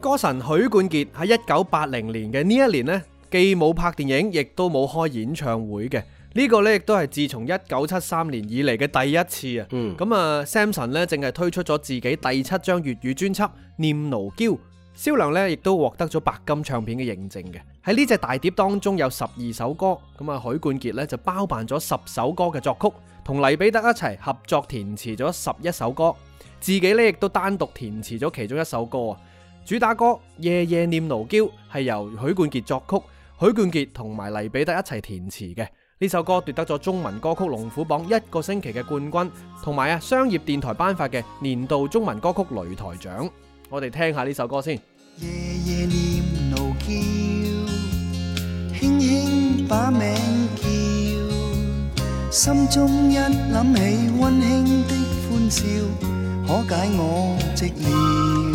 歌神許冠傑喺一九八零年嘅呢一年呢，既冇拍電影，亦都冇開演唱會嘅。呢、這個呢，亦都係自從一九七三年以嚟嘅第一次啊。咁啊、嗯嗯、Samson 呢，淨係推出咗自己第七張粵語專輯《念奴嬌》，銷量呢，亦都獲得咗白金唱片嘅認證嘅。喺呢隻大碟當中有十二首歌，咁、嗯、啊，許冠傑呢，就包辦咗十首歌嘅作曲，同黎彼得一齊合作填詞咗十一首歌，自己呢，亦都單獨填詞咗其中一首歌啊。主打歌《夜夜念奴嬌》係由許冠傑作曲，許冠傑同埋黎彼得一齊填詞嘅。呢首歌奪得咗中文歌曲龍虎榜一個星期嘅冠軍，同埋啊商業電台頒發嘅年度中文歌曲擂台獎。我哋聽下呢首歌先。夜夜念奴嬌，輕輕把名叫，心中一諗起溫馨的歡笑，可解我寂寥。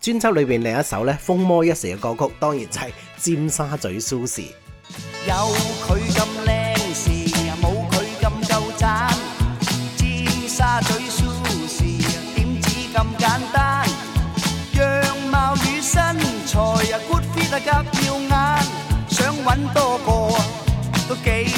專輯裏邊另一首咧風魔一時嘅歌曲，當然就係尖沙咀 Susie。有佢咁靚事，冇佢咁夠讚。尖沙咀 Susie，點止咁簡單，樣貌與身材啊，good fit 啊，夾耀眼，想搵多個都幾。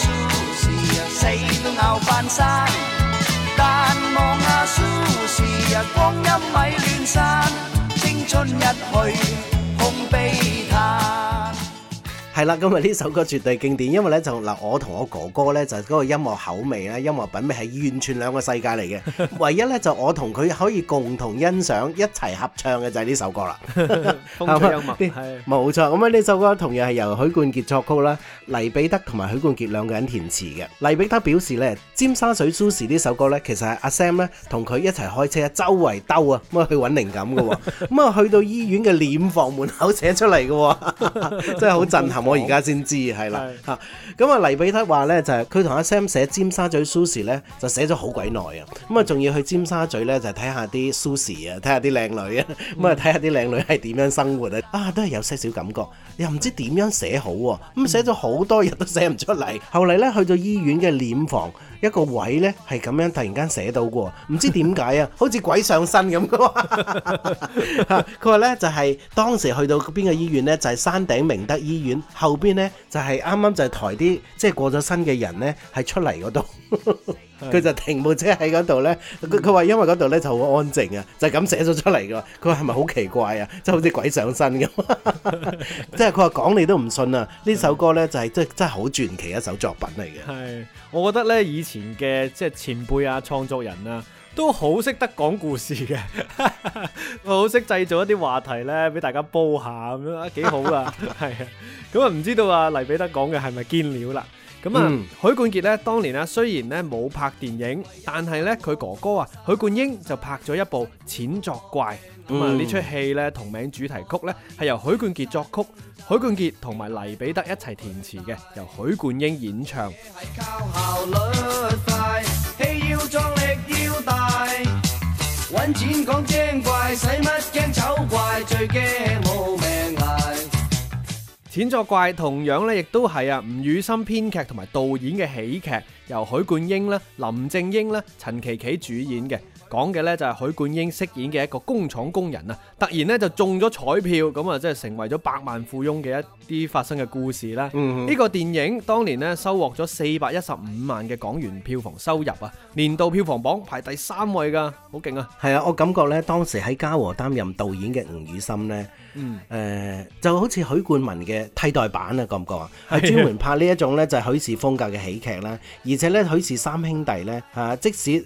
翻山，但望啊，書時啊，光陰咪亂散，青春一去。係啦， 今日呢首歌絕對經典，因為咧，就嗱，我同我哥哥咧就係嗰個音樂口味咧，音樂品味係完全兩個世界嚟嘅。唯一咧就我同佢可以共同欣賞，一齊合唱嘅就係呢首歌啦。 風格音係冇錯。咁啊、 嗯、呢、嗯、首歌同樣係由許冠傑作曲啦，黎彼得同埋許冠傑兩個人填詞嘅。黎彼得表示咧，《尖沙咀蘇士》Susie 呢首歌咧，其實係阿 Sam 咧同佢一齊開車周圍兜啊，咁啊去搵靈感噶。咁啊 去到醫院嘅殮房門口寫出嚟噶， 真係好震撼。我而家先知，係啦嚇。咁是啊，黎彼得話咧，就係佢同阿 Sam 寫尖沙咀 Susie 咧，就寫咗好鬼耐啊。咁啊，仲要去尖沙咀咧，就睇下啲 Susie 啊，睇下啲靚女啊。咁啊、嗯，睇下啲靚女係點樣生活啊？啊，都係有些少感覺，又唔知點樣寫好喎、啊。咁、嗯、寫咗好多日都寫唔出嚟。後嚟咧，去咗醫院嘅殮房。一個位呢係咁樣突然間寫到嘅，唔知點解啊， 好似鬼上身咁。佢話呢就係當時去到邊個醫院呢，就係山頂明德醫院後邊呢，就係啱啱就係抬啲即係過咗身嘅人呢，喺出嚟嗰度。佢就停部車喺嗰度呢。佢佢話，因為嗰度呢就好安靜啊，就咁寫咗出嚟噶。佢話係咪好奇怪啊？即係好似鬼上身咁，即係佢話講你都唔信啊！呢首歌呢，就係真真係好傳奇一首作品嚟嘅。係，我覺得呢以前嘅即係前輩啊、創作人啊，都好識得講故事嘅，好識製造一啲話題呢俾大家煲下咁樣，幾好噶。係啊，咁啊唔知道啊黎彼得講嘅係咪堅料啦？咁啊，嗯、許冠傑咧，當年啊，雖然咧冇拍電影，但係咧佢哥哥啊，許冠英就拍咗一部《錢作怪》。咁啊、嗯，嗯、呢出戲咧，同名主題曲咧，係由許冠傑作曲，許冠傑同埋黎彼得一齊填詞嘅，由許冠英演唱。戲要壯力要大，揾錢講精怪、嗯，醜怪？使乜最驚冇命。」《錢作怪》同樣咧，亦都係啊吳宇森編劇同埋導演嘅喜劇，由許冠英咧、林正英咧、陳琪琪主演嘅。講嘅咧就係許冠英飾演嘅一個工廠工人啊，突然咧就中咗彩票，咁啊即係成為咗百萬富翁嘅一啲發生嘅故事啦。呢個電影當年咧收穫咗四百一十五萬嘅港元票房收入啊，年度票房榜排第三位噶，好勁啊！係啊，我感覺咧當時喺嘉禾擔任導演嘅吳宇森咧，誒就好似許冠文嘅替代版啊，覺唔覺啊？係專門拍呢一種咧就係許氏風格嘅喜劇啦，而且咧許氏三兄弟咧啊即使。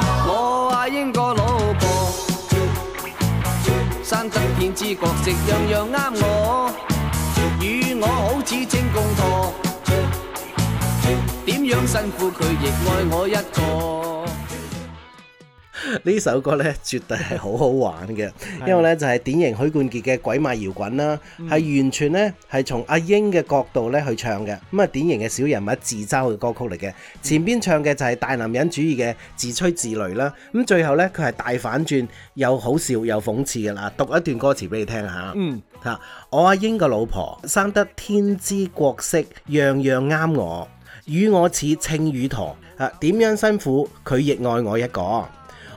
生得偏知各色，樣樣啱我，與我好似正共拖，點樣辛苦佢亦愛我一個。呢首歌呢，絕對係好好玩嘅，因為呢就係典型許冠傑嘅鬼馬搖滾啦，係完全呢，係從阿英嘅角度呢去唱嘅，咁啊典型嘅小人物自嘲嘅歌曲嚟嘅。前面唱嘅就係大男人主義嘅自吹自擂啦，咁最後呢，佢係大反轉，又好笑又諷刺嘅啦。讀一段歌詞俾你聽下，嗯吓，我阿英個老婆生得天姿國色，樣樣啱我，與我似秤與砣，啊點樣辛苦佢亦愛我一個。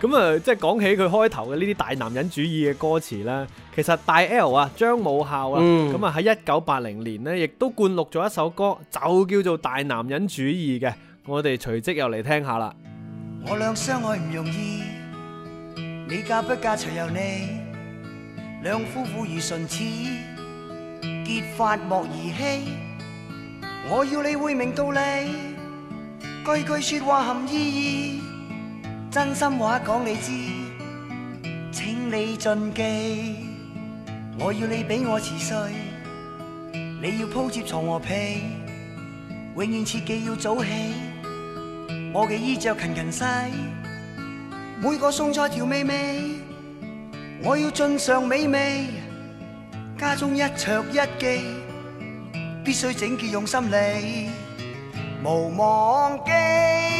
咁啊，即係講起佢開頭嘅呢啲大男人主義嘅歌詞啦，其實大 AL 啊，張武孝啊，咁啊喺一九八零年呢，亦都灌錄咗一首歌，就叫做《大男人主義》嘅。我哋隨即又嚟聽下啦。我兩相愛唔容易，你嫁不嫁全由你。兩夫婦如唇齒，結髮莫兒戲。我要你會明到你。句句説話含意義。真心話講你知，請你盡記。我要你俾我慈愛，你要鋪設床和被。永遠切記要早起，我嘅衣着勤勤洗。每個餸菜調味味，我要盡嘗美味。家中一桌一記，必須整潔用心理，無忘記。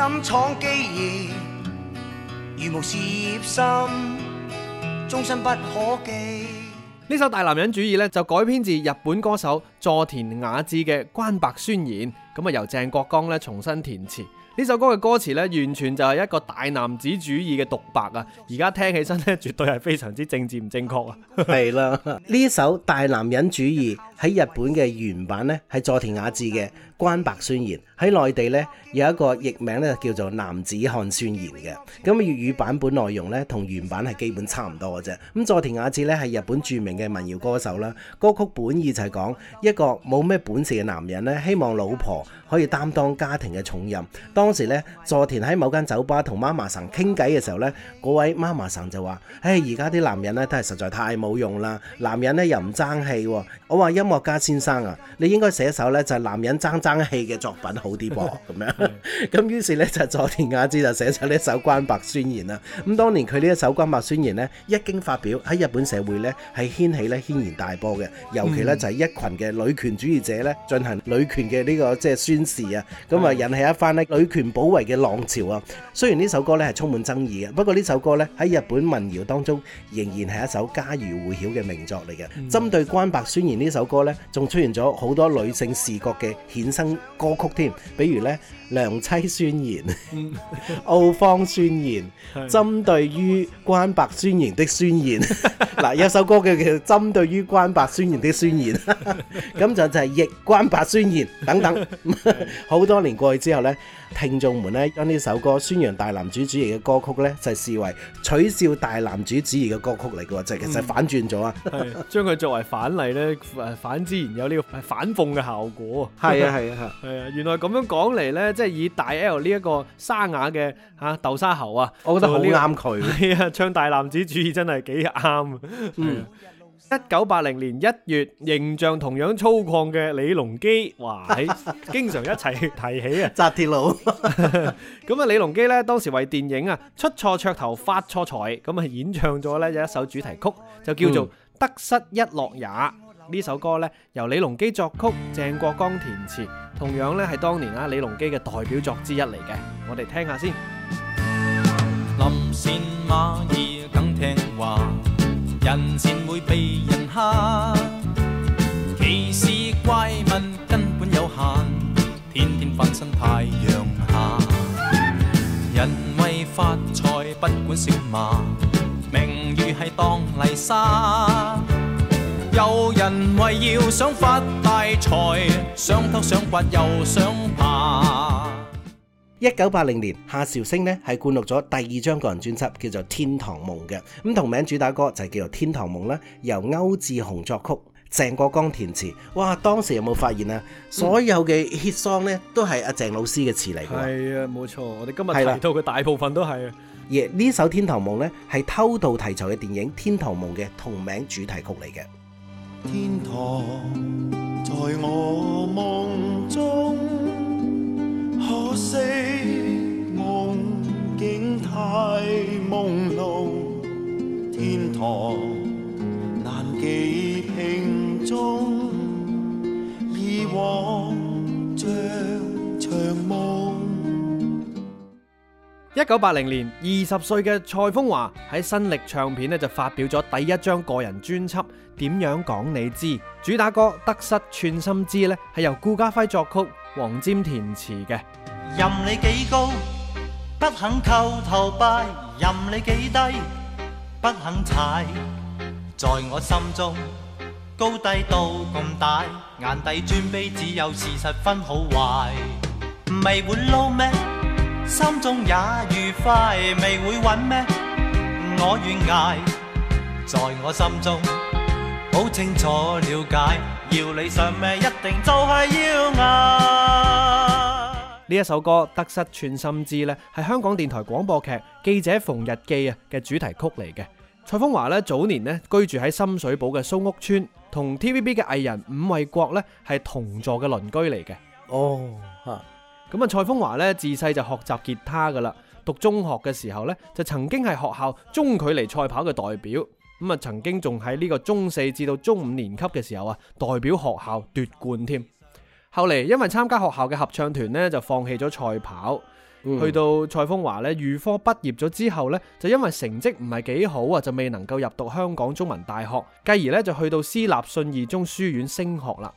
心闖機業，如無事業心，終身不可記。呢首大男人主義呢，就改編自日本歌手佐田雅志嘅《關白宣言》，咁啊由鄭國江咧重新填詞。呢首歌嘅歌詞呢，完全就係一個大男子主義嘅獨白啊！而家聽起身呢，絕對係非常之政治唔正確啊！係 啦，呢首大男人主義。喺日本嘅原版咧，係佐田雅志嘅《關白宣言》，喺內地咧有一個譯名咧叫做《男子漢宣言》嘅。咁粵語版本內容咧同原版係基本差唔多嘅啫。咁佐田雅志咧係日本著名嘅民謠歌手啦。歌曲本意就係講一個冇咩本事嘅男人咧，希望老婆可以擔當家庭嘅重任。當時咧，佐田喺某間酒吧同媽媽神傾偈嘅時候咧，位媽媽神就話：「唉，而家啲男人咧都係實在太冇用啦，男人咧又唔爭氣。我話。作家先生啊，你應該寫一首咧就係男人爭爭氣嘅作品好啲噃，咁樣咁於是咧就佐田雅志就寫咗呢首《關白宣言》啦。咁當年佢呢一首《關白宣言》咧，一經發表喺日本社會咧係掀起咧軒然大波嘅，尤其咧就係一群嘅女權主義者咧進行女權嘅呢個即係宣示啊，咁啊引起一番咧女權保衛嘅浪潮啊。雖然呢首歌咧係充滿爭議嘅，不過呢首歌咧喺日本民謠當中仍然係一首家喻戶曉嘅名作嚟嘅。針、嗯、對《關白宣言》呢首歌。仲出現咗好多女性視覺嘅衍生歌曲添，比如咧《良妻宣言》、 奧《奧方宣言、》 針對於關白宣言的宣言。嗱，有首歌叫叫針對於關白宣言的宣言，咁就就係逆關白宣言等等，好 多年過去之後呢。聽眾們咧，將呢首歌宣揚大男子主義嘅歌曲咧，就係、視為取笑大男子主義嘅歌曲嚟嘅喎，就係、其實反轉咗啊、嗯，將佢作為反例咧，誒反之然有呢個反諷嘅效果啊。係啊係啊係啊，原來咁樣講嚟咧，即係以大 L 呢一個沙啞嘅嚇、啊、豆沙喉啊，我覺得好啱佢，係啊，唱大男子主，主義真係幾啱。嗯。一九八零年一月，形象同樣粗獷嘅李龍基，哇喺經常一齊提起啊，紮鐵佬。咁啊，李龍基咧，當時為電影啊出錯噱頭發錯財，咁啊演唱咗咧有一首主題曲，就叫做《得失一樂也》。呢首歌咧由李龍基作曲，鄭國江填詞，同樣咧係當年啊李龍基嘅代表作之一嚟嘅。我哋聽下先。人善會被人蝦，奇事怪聞根本有限，天天翻身太陽下。人為發財不管笑罵，名譽係當泥沙。有人為要想發大財，想偷想刮又想爬。一九八零年，夏韶聲呢係灌錄咗第二張個人專輯，叫做《天堂夢》嘅。咁同名主打歌就係叫做《天堂夢》啦，由歐志雄作曲，鄭國江填詞。哇，當時有冇發現啊？所有嘅 hit song 呢都係阿鄭老師嘅詞嚟嘅。係啊，冇錯。我哋今日提到嘅大部分都係。的而呢首《天堂夢》呢係偷渡題材嘅電影《天堂夢》嘅同名主題曲嚟嘅。天堂在我夢中。可惜，夢境太朦朧，天堂以往。一九八零年，二十歲嘅蔡楓華喺新力唱片咧就發表咗第一張個人專輯《點樣講你知》，主打歌《得失寸心知》呢，係由顧嘉輝作曲、黃霑填詞嘅。任你幾高，不肯叩頭拜；任你幾低，不肯踩。在我心中，高低都咁大。眼底尊卑只有事實分好壞，未會撈咩，心中也愉快，未會揾咩，我願挨。在我心中，好清楚了解，要理想咩，一定就係要挨。呢一首歌《得失寸心知》呢，係香港電台廣播劇《記者馮日記》啊嘅主題曲嚟嘅。蔡楓華呢，早年咧居住喺深水埗嘅蘇屋村，同 TVB 嘅藝人伍衛國呢，係同座嘅鄰居嚟嘅。哦，吓咁啊！蔡楓華呢，自細就學習吉他噶啦，讀中學嘅時候呢，就曾經係學校中距離賽跑嘅代表，咁啊曾經仲喺呢個中四至到中五年級嘅時候啊代表學校奪冠添。後嚟因為參加學校嘅合唱團呢，就放棄咗賽跑。嗯、去到蔡楓華咧，預科畢業咗之後呢，就因為成績唔係幾好啊，就未能夠入讀香港中文大學，繼而呢，就去到私立信義中書院升學啦。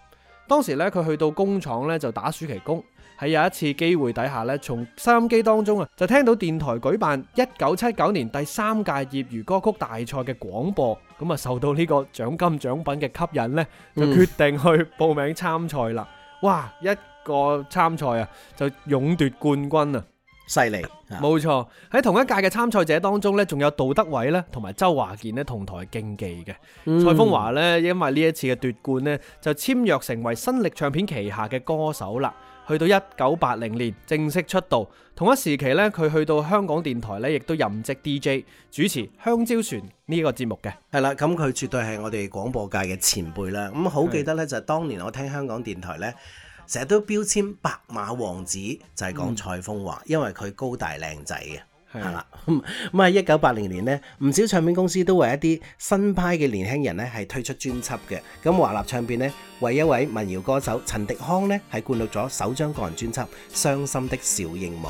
當時呢，佢去到工廠呢，就打暑期工，喺有一次機會底下呢，從收音機當中啊就聽到電台舉辦一九七九年第三屆業餘歌曲大賽嘅廣播，咁啊受到呢個獎金獎品嘅吸引呢，就決定去報名參賽啦。嗯哇！一個參賽啊，就勇奪冠軍啊，犀利！冇錯，喺同一屆嘅參賽者當中咧，仲有杜德偉咧，同埋周華健咧同台競技嘅、嗯、蔡楓華咧，因為呢一次嘅奪冠咧，就簽約成為新力唱片旗下嘅歌手啦，去到一九八零年正式出道。同一時期咧，佢去到香港電台咧，亦都任職 DJ 主持《香蕉船》呢、這個節目嘅。係啦，咁佢絕對係我哋廣播界嘅前輩啦。咁好記得咧，是就係當年我聽香港電台咧，成日都標籤白馬王子就係、是、講蔡楓華，嗯、因為佢高大靚仔啊。係啦，咁啊一九八零年呢，唔少唱片公司都為一啲新派嘅年輕人呢係推出專輯嘅。咁華納唱片呢，為一位民謠歌手陳迪匡呢係灌錄咗首張個人專輯《傷心的小鸚鵡》。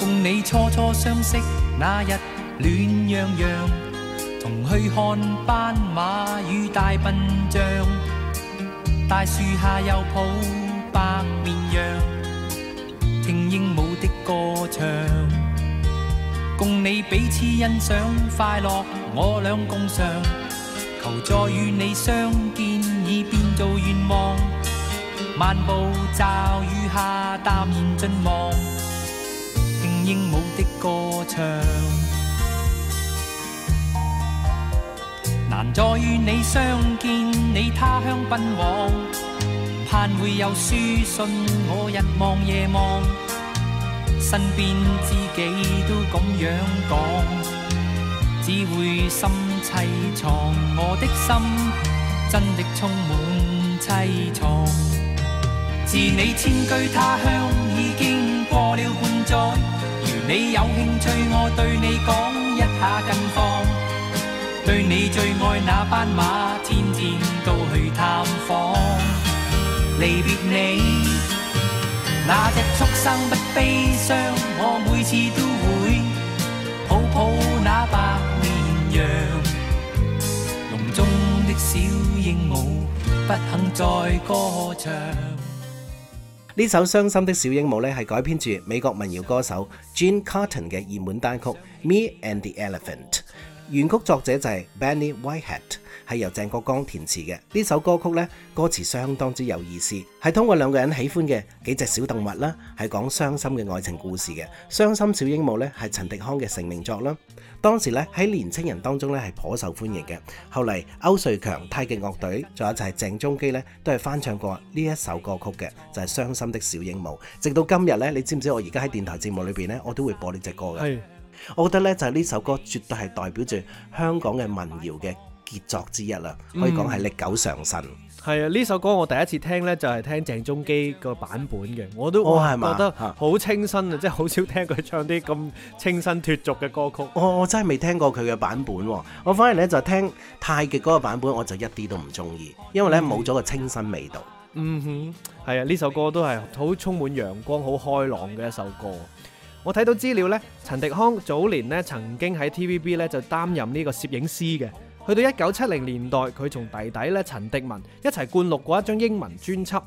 共你初初相識那日暖洋洋，同去看斑馬與大笨象，大樹下又抱白綿羊，聽鸚鵡的歌唱。共你彼此欣賞快樂，我倆共賞。求再與你相見，已變做願望。漫步驟雨下，淡然盡望，聽鸚鵡的歌唱。難再與你相見，你他鄉奔往，盼會有書信，我日望夜望。身邊知己都咁樣講，只會心悽藏。我的心真的充滿悽藏，自 你遷居他鄉已經過了半載，如你有興趣，我對你講一下近況。 對你最愛那班馬，天天都去探訪。離別你。那隻畜生不悲傷，我每次都會抱抱那白綿羊。籠中的小鸚鵡不肯再歌唱。呢首傷心的小鸚鵡呢，係改編住美國民謠歌手 Gene Cotton 嘅熱門單曲《Me and the Elephant》，原曲作者就係 Benny Whitehead。係由鄭國江填詞嘅呢首歌曲呢，歌詞相當之有意思，係通過兩個人喜歡嘅幾隻小動物啦，係講傷心嘅愛情故事嘅。傷心小鸚鵡呢，係陳迪匡嘅成名作啦，當時呢，喺年青人當中呢，係頗受歡迎嘅。後嚟歐瑞強、太極樂隊，仲有就係鄭中基呢，都係翻唱過呢一首歌曲嘅，就係、是、傷心的小鸚鵡。直到今日呢，你知唔知我而家喺電台節目裏邊呢，我都會播呢隻歌嘅。是我覺得呢，就係、是、呢首歌絕對係代表住香港嘅民謠嘅。傑作之一啦，可以講係歷久常新。係、嗯、啊，呢首歌我第一次聽呢，就係、是、聽鄭中基個版本嘅，我都、哦、覺得好清新啊，即係好少聽佢唱啲咁清新脫俗嘅歌曲。哦，我真係未聽過佢嘅版本，我反而呢，就是、聽泰極嗰個版本，我就一啲都唔中意，因為呢冇咗個清新味道。嗯哼，係啊，呢首歌都係好充滿陽光、好開朗嘅一首歌。我睇到資料呢，陳迪匡早年呢曾經喺 T V B 呢就擔任呢個攝影師嘅。去到一九七零年代，佢同弟弟咧陳迪文一齊灌錄過一張英文專輯。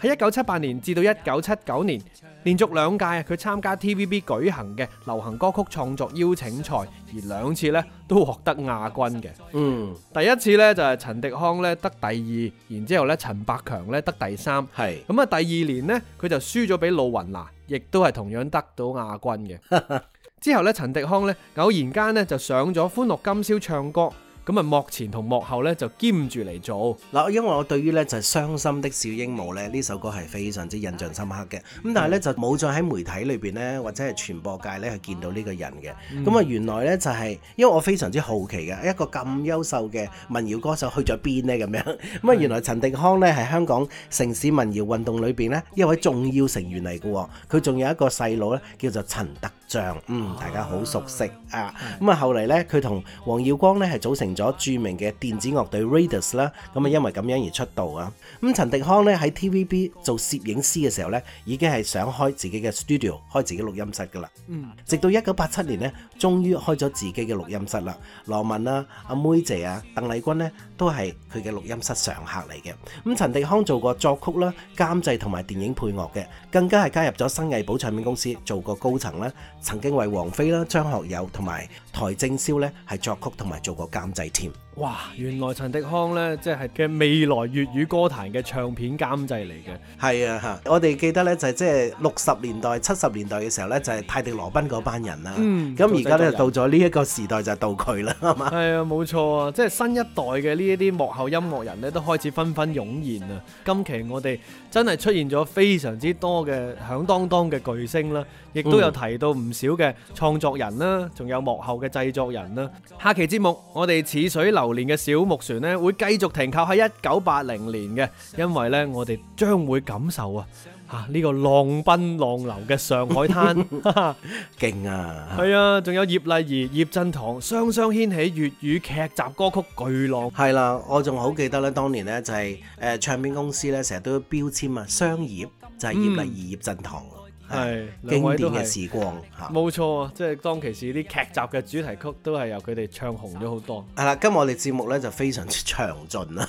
喺一九七八年至到一九七九年，連續兩屆佢參加 TVB 舉行嘅流行歌曲創作邀請賽，而兩次咧都獲得亞軍嘅。嗯，第一次咧就係陳迪匡咧得第二，然之後咧陳百強咧得第三。係咁啊，第二年呢，佢就輸咗俾露雲娜，亦都係同樣得到亞軍嘅。 之後咧陳迪匡咧偶然間咧就上咗《歡樂今宵》唱歌。咁啊，幕前同幕後咧就兼住嚟做嗱，因為我對於咧就係傷心的小鸚鵡咧呢首歌係非常之印象深刻嘅，咁但係咧就冇再喺媒體裏邊咧或者係傳播界咧去見到呢個人嘅，咁啊原來咧就係因為我非常之好奇嘅，一個咁優秀嘅民謠歌手去咗邊咧咁樣，咁啊原來陳迪匡咧係香港城市民謠運動裏邊咧一位重要成員嚟嘅，佢仲有一個細佬咧叫做陳德將，嗯，大家好熟悉啊，咁啊後嚟咧佢同黃耀光咧係組成咗著名嘅電子樂隊 Radius 啦，咁啊因為咁樣而出道啊。咁陳迪康咧喺 TVB 做攝影師嘅時候咧，已經係想開自己嘅 studio，開自己錄音室噶啦。嗯，直到一九八七年咧，終於開咗自己嘅錄音室啦。羅文啊、阿妹姐啊、鄧麗君咧，都係佢嘅錄音室常客嚟嘅。咁陳迪康做過作曲啦、監製同埋電影配樂嘅，更加係加入咗新藝寶唱片公司做過高層啦，曾經為王菲啦、張學友同埋。泰迪羅賓咧係作曲同埋做個監製添。哇！原來陳迪匡呢，即係嘅未來粵語歌壇嘅唱片監製嚟嘅。係啊，嚇、啊！我哋記得呢，就係、是、即係六十年代、七十年代嘅時候呢，就係、是、泰迪羅賓嗰班人啦。咁而家呢到咗呢一個時代就到佢啦，係嘛？係啊，冇錯啊！即係新一代嘅呢一啲幕後音樂人呢，都開始紛紛湧現啊！今期我哋真係出現咗非常之多嘅響噹噹嘅巨星啦，亦都有提到唔少嘅創作人啦，仲有幕後嘅製作人啦。嗯、下期節目我哋似水，水流。流年嘅小木船咧，會繼續停靠喺一九八零年嘅。因為呢，我哋將會感受啊吓呢、啊這個浪奔浪流嘅上海灘，勁 啊！係啊，仲有葉麗儀、葉振棠雙雙掀起粵語劇集歌曲巨浪。係啦，我仲好記得咧，當年呢，就係誒唱片公司呢，成日都標籤啊，雙葉就係葉麗儀、葉振棠。係經典嘅時光，吓冇錯啊！即係當其時啲劇集嘅主題曲都係由佢哋唱紅咗好多。係啦，今日我哋節目呢就非常之詳盡啦，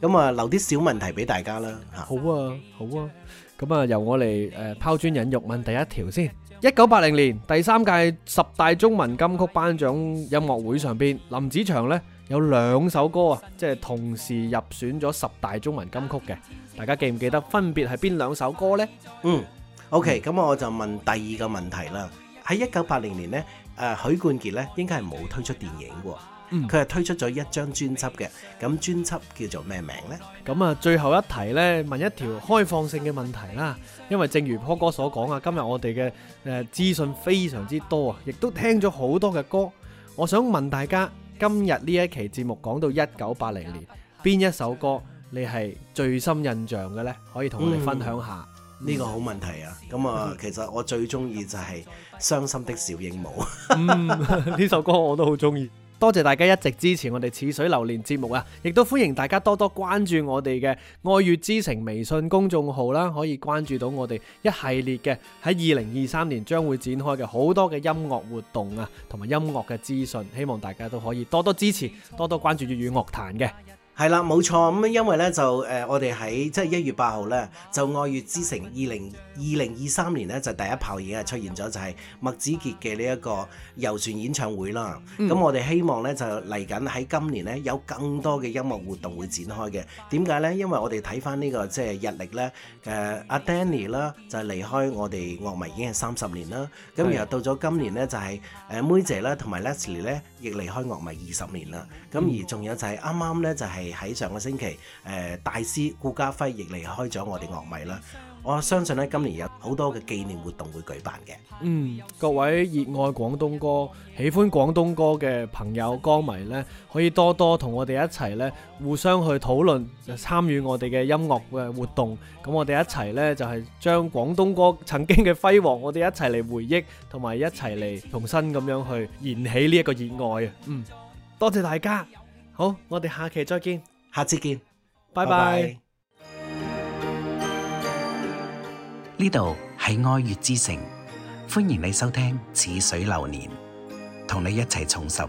咁啊留啲小問題俾大家啦。好啊，好啊，咁啊由我嚟、誒拋磚引玉，問第一條先。一九八零年第三屆十大中文金曲頒獎音樂會上邊，林子祥呢有兩首歌啊，即係同時入選咗十大中文金曲嘅，大家記唔記得分別係邊兩首歌呢？嗯。O.K. 咁我就問第二個問題啦。喺一九八零年、呃、呢，誒許冠傑呢應該係冇推出電影嘅，佢係、嗯、推出咗一張專輯嘅。咁專輯叫做咩名呢？咁啊，最後一題呢，問一條開放性嘅問題啦。因為正如 Paul 哥所講啊，今日我哋嘅誒資訊非常之多啊，亦都聽咗好多嘅歌。我想問大家，今日呢一期節目講到一九八零年，邊一首歌你係最深印象嘅呢？可以同我哋分享下。嗯。呢個好問題啊！咁、嗯、啊，嗯、其實我最中意就係、是《傷心的小鸚鵡》嗯。呢首歌我都好中意。 多謝大家一直支持我哋《似水流年》節目啊！亦都歡迎大家多多關注我哋嘅《愛粵之城》微信公眾號啦、啊，可以關注到我哋一系列嘅喺二零二三年將會展開嘅好多嘅音樂活動啊，同埋音樂嘅資訊，希望大家都可以多多支持，多多關注粵語樂壇嘅。係啦，冇錯，咁因為呢，就、呃、誒，我哋喺即係一月八號呢，就愛粵之城二零二零二三年呢，就第一炮已經係出現咗，就係、是、麥子傑嘅呢一個遊船演唱會啦。咁、嗯、我哋希望呢，就嚟緊喺今年呢，有更多嘅音樂活動會展開嘅。點解呢？因為我哋睇返呢個即係、就是、日曆呢，誒阿、呃、Danny 啦就係離開我哋樂迷已經係三十年啦。咁的然後到咗今年呢，就係、是、誒妹姐啦同埋 Leslie 呢，亦離開樂迷二十年啦。咁而仲有就係啱啱咧，就係喺上個星期，誒、呃，大師顧嘉輝亦離開咗我哋樂迷啦。我相信咧，今年有好多嘅紀念活動會舉辦嘅。嗯，各位熱愛廣東歌、喜歡廣東歌嘅朋友、歌迷咧，可以多多同我哋一齊咧，互相去討論，參與我哋嘅音樂嘅活動。咁我哋一齊咧，就係、是、將廣東歌曾經嘅輝煌，我哋一齊嚟回憶，同埋一齊嚟重新咁樣去燃起呢一個熱愛啊！嗯。多謝大家，好，我哋下期再見，下次見，bye bye 拜拜。呢度係愛粵之城，歡迎你收聽《似水流年》，同你一齊重拾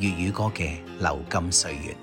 粵語歌嘅流金歲月。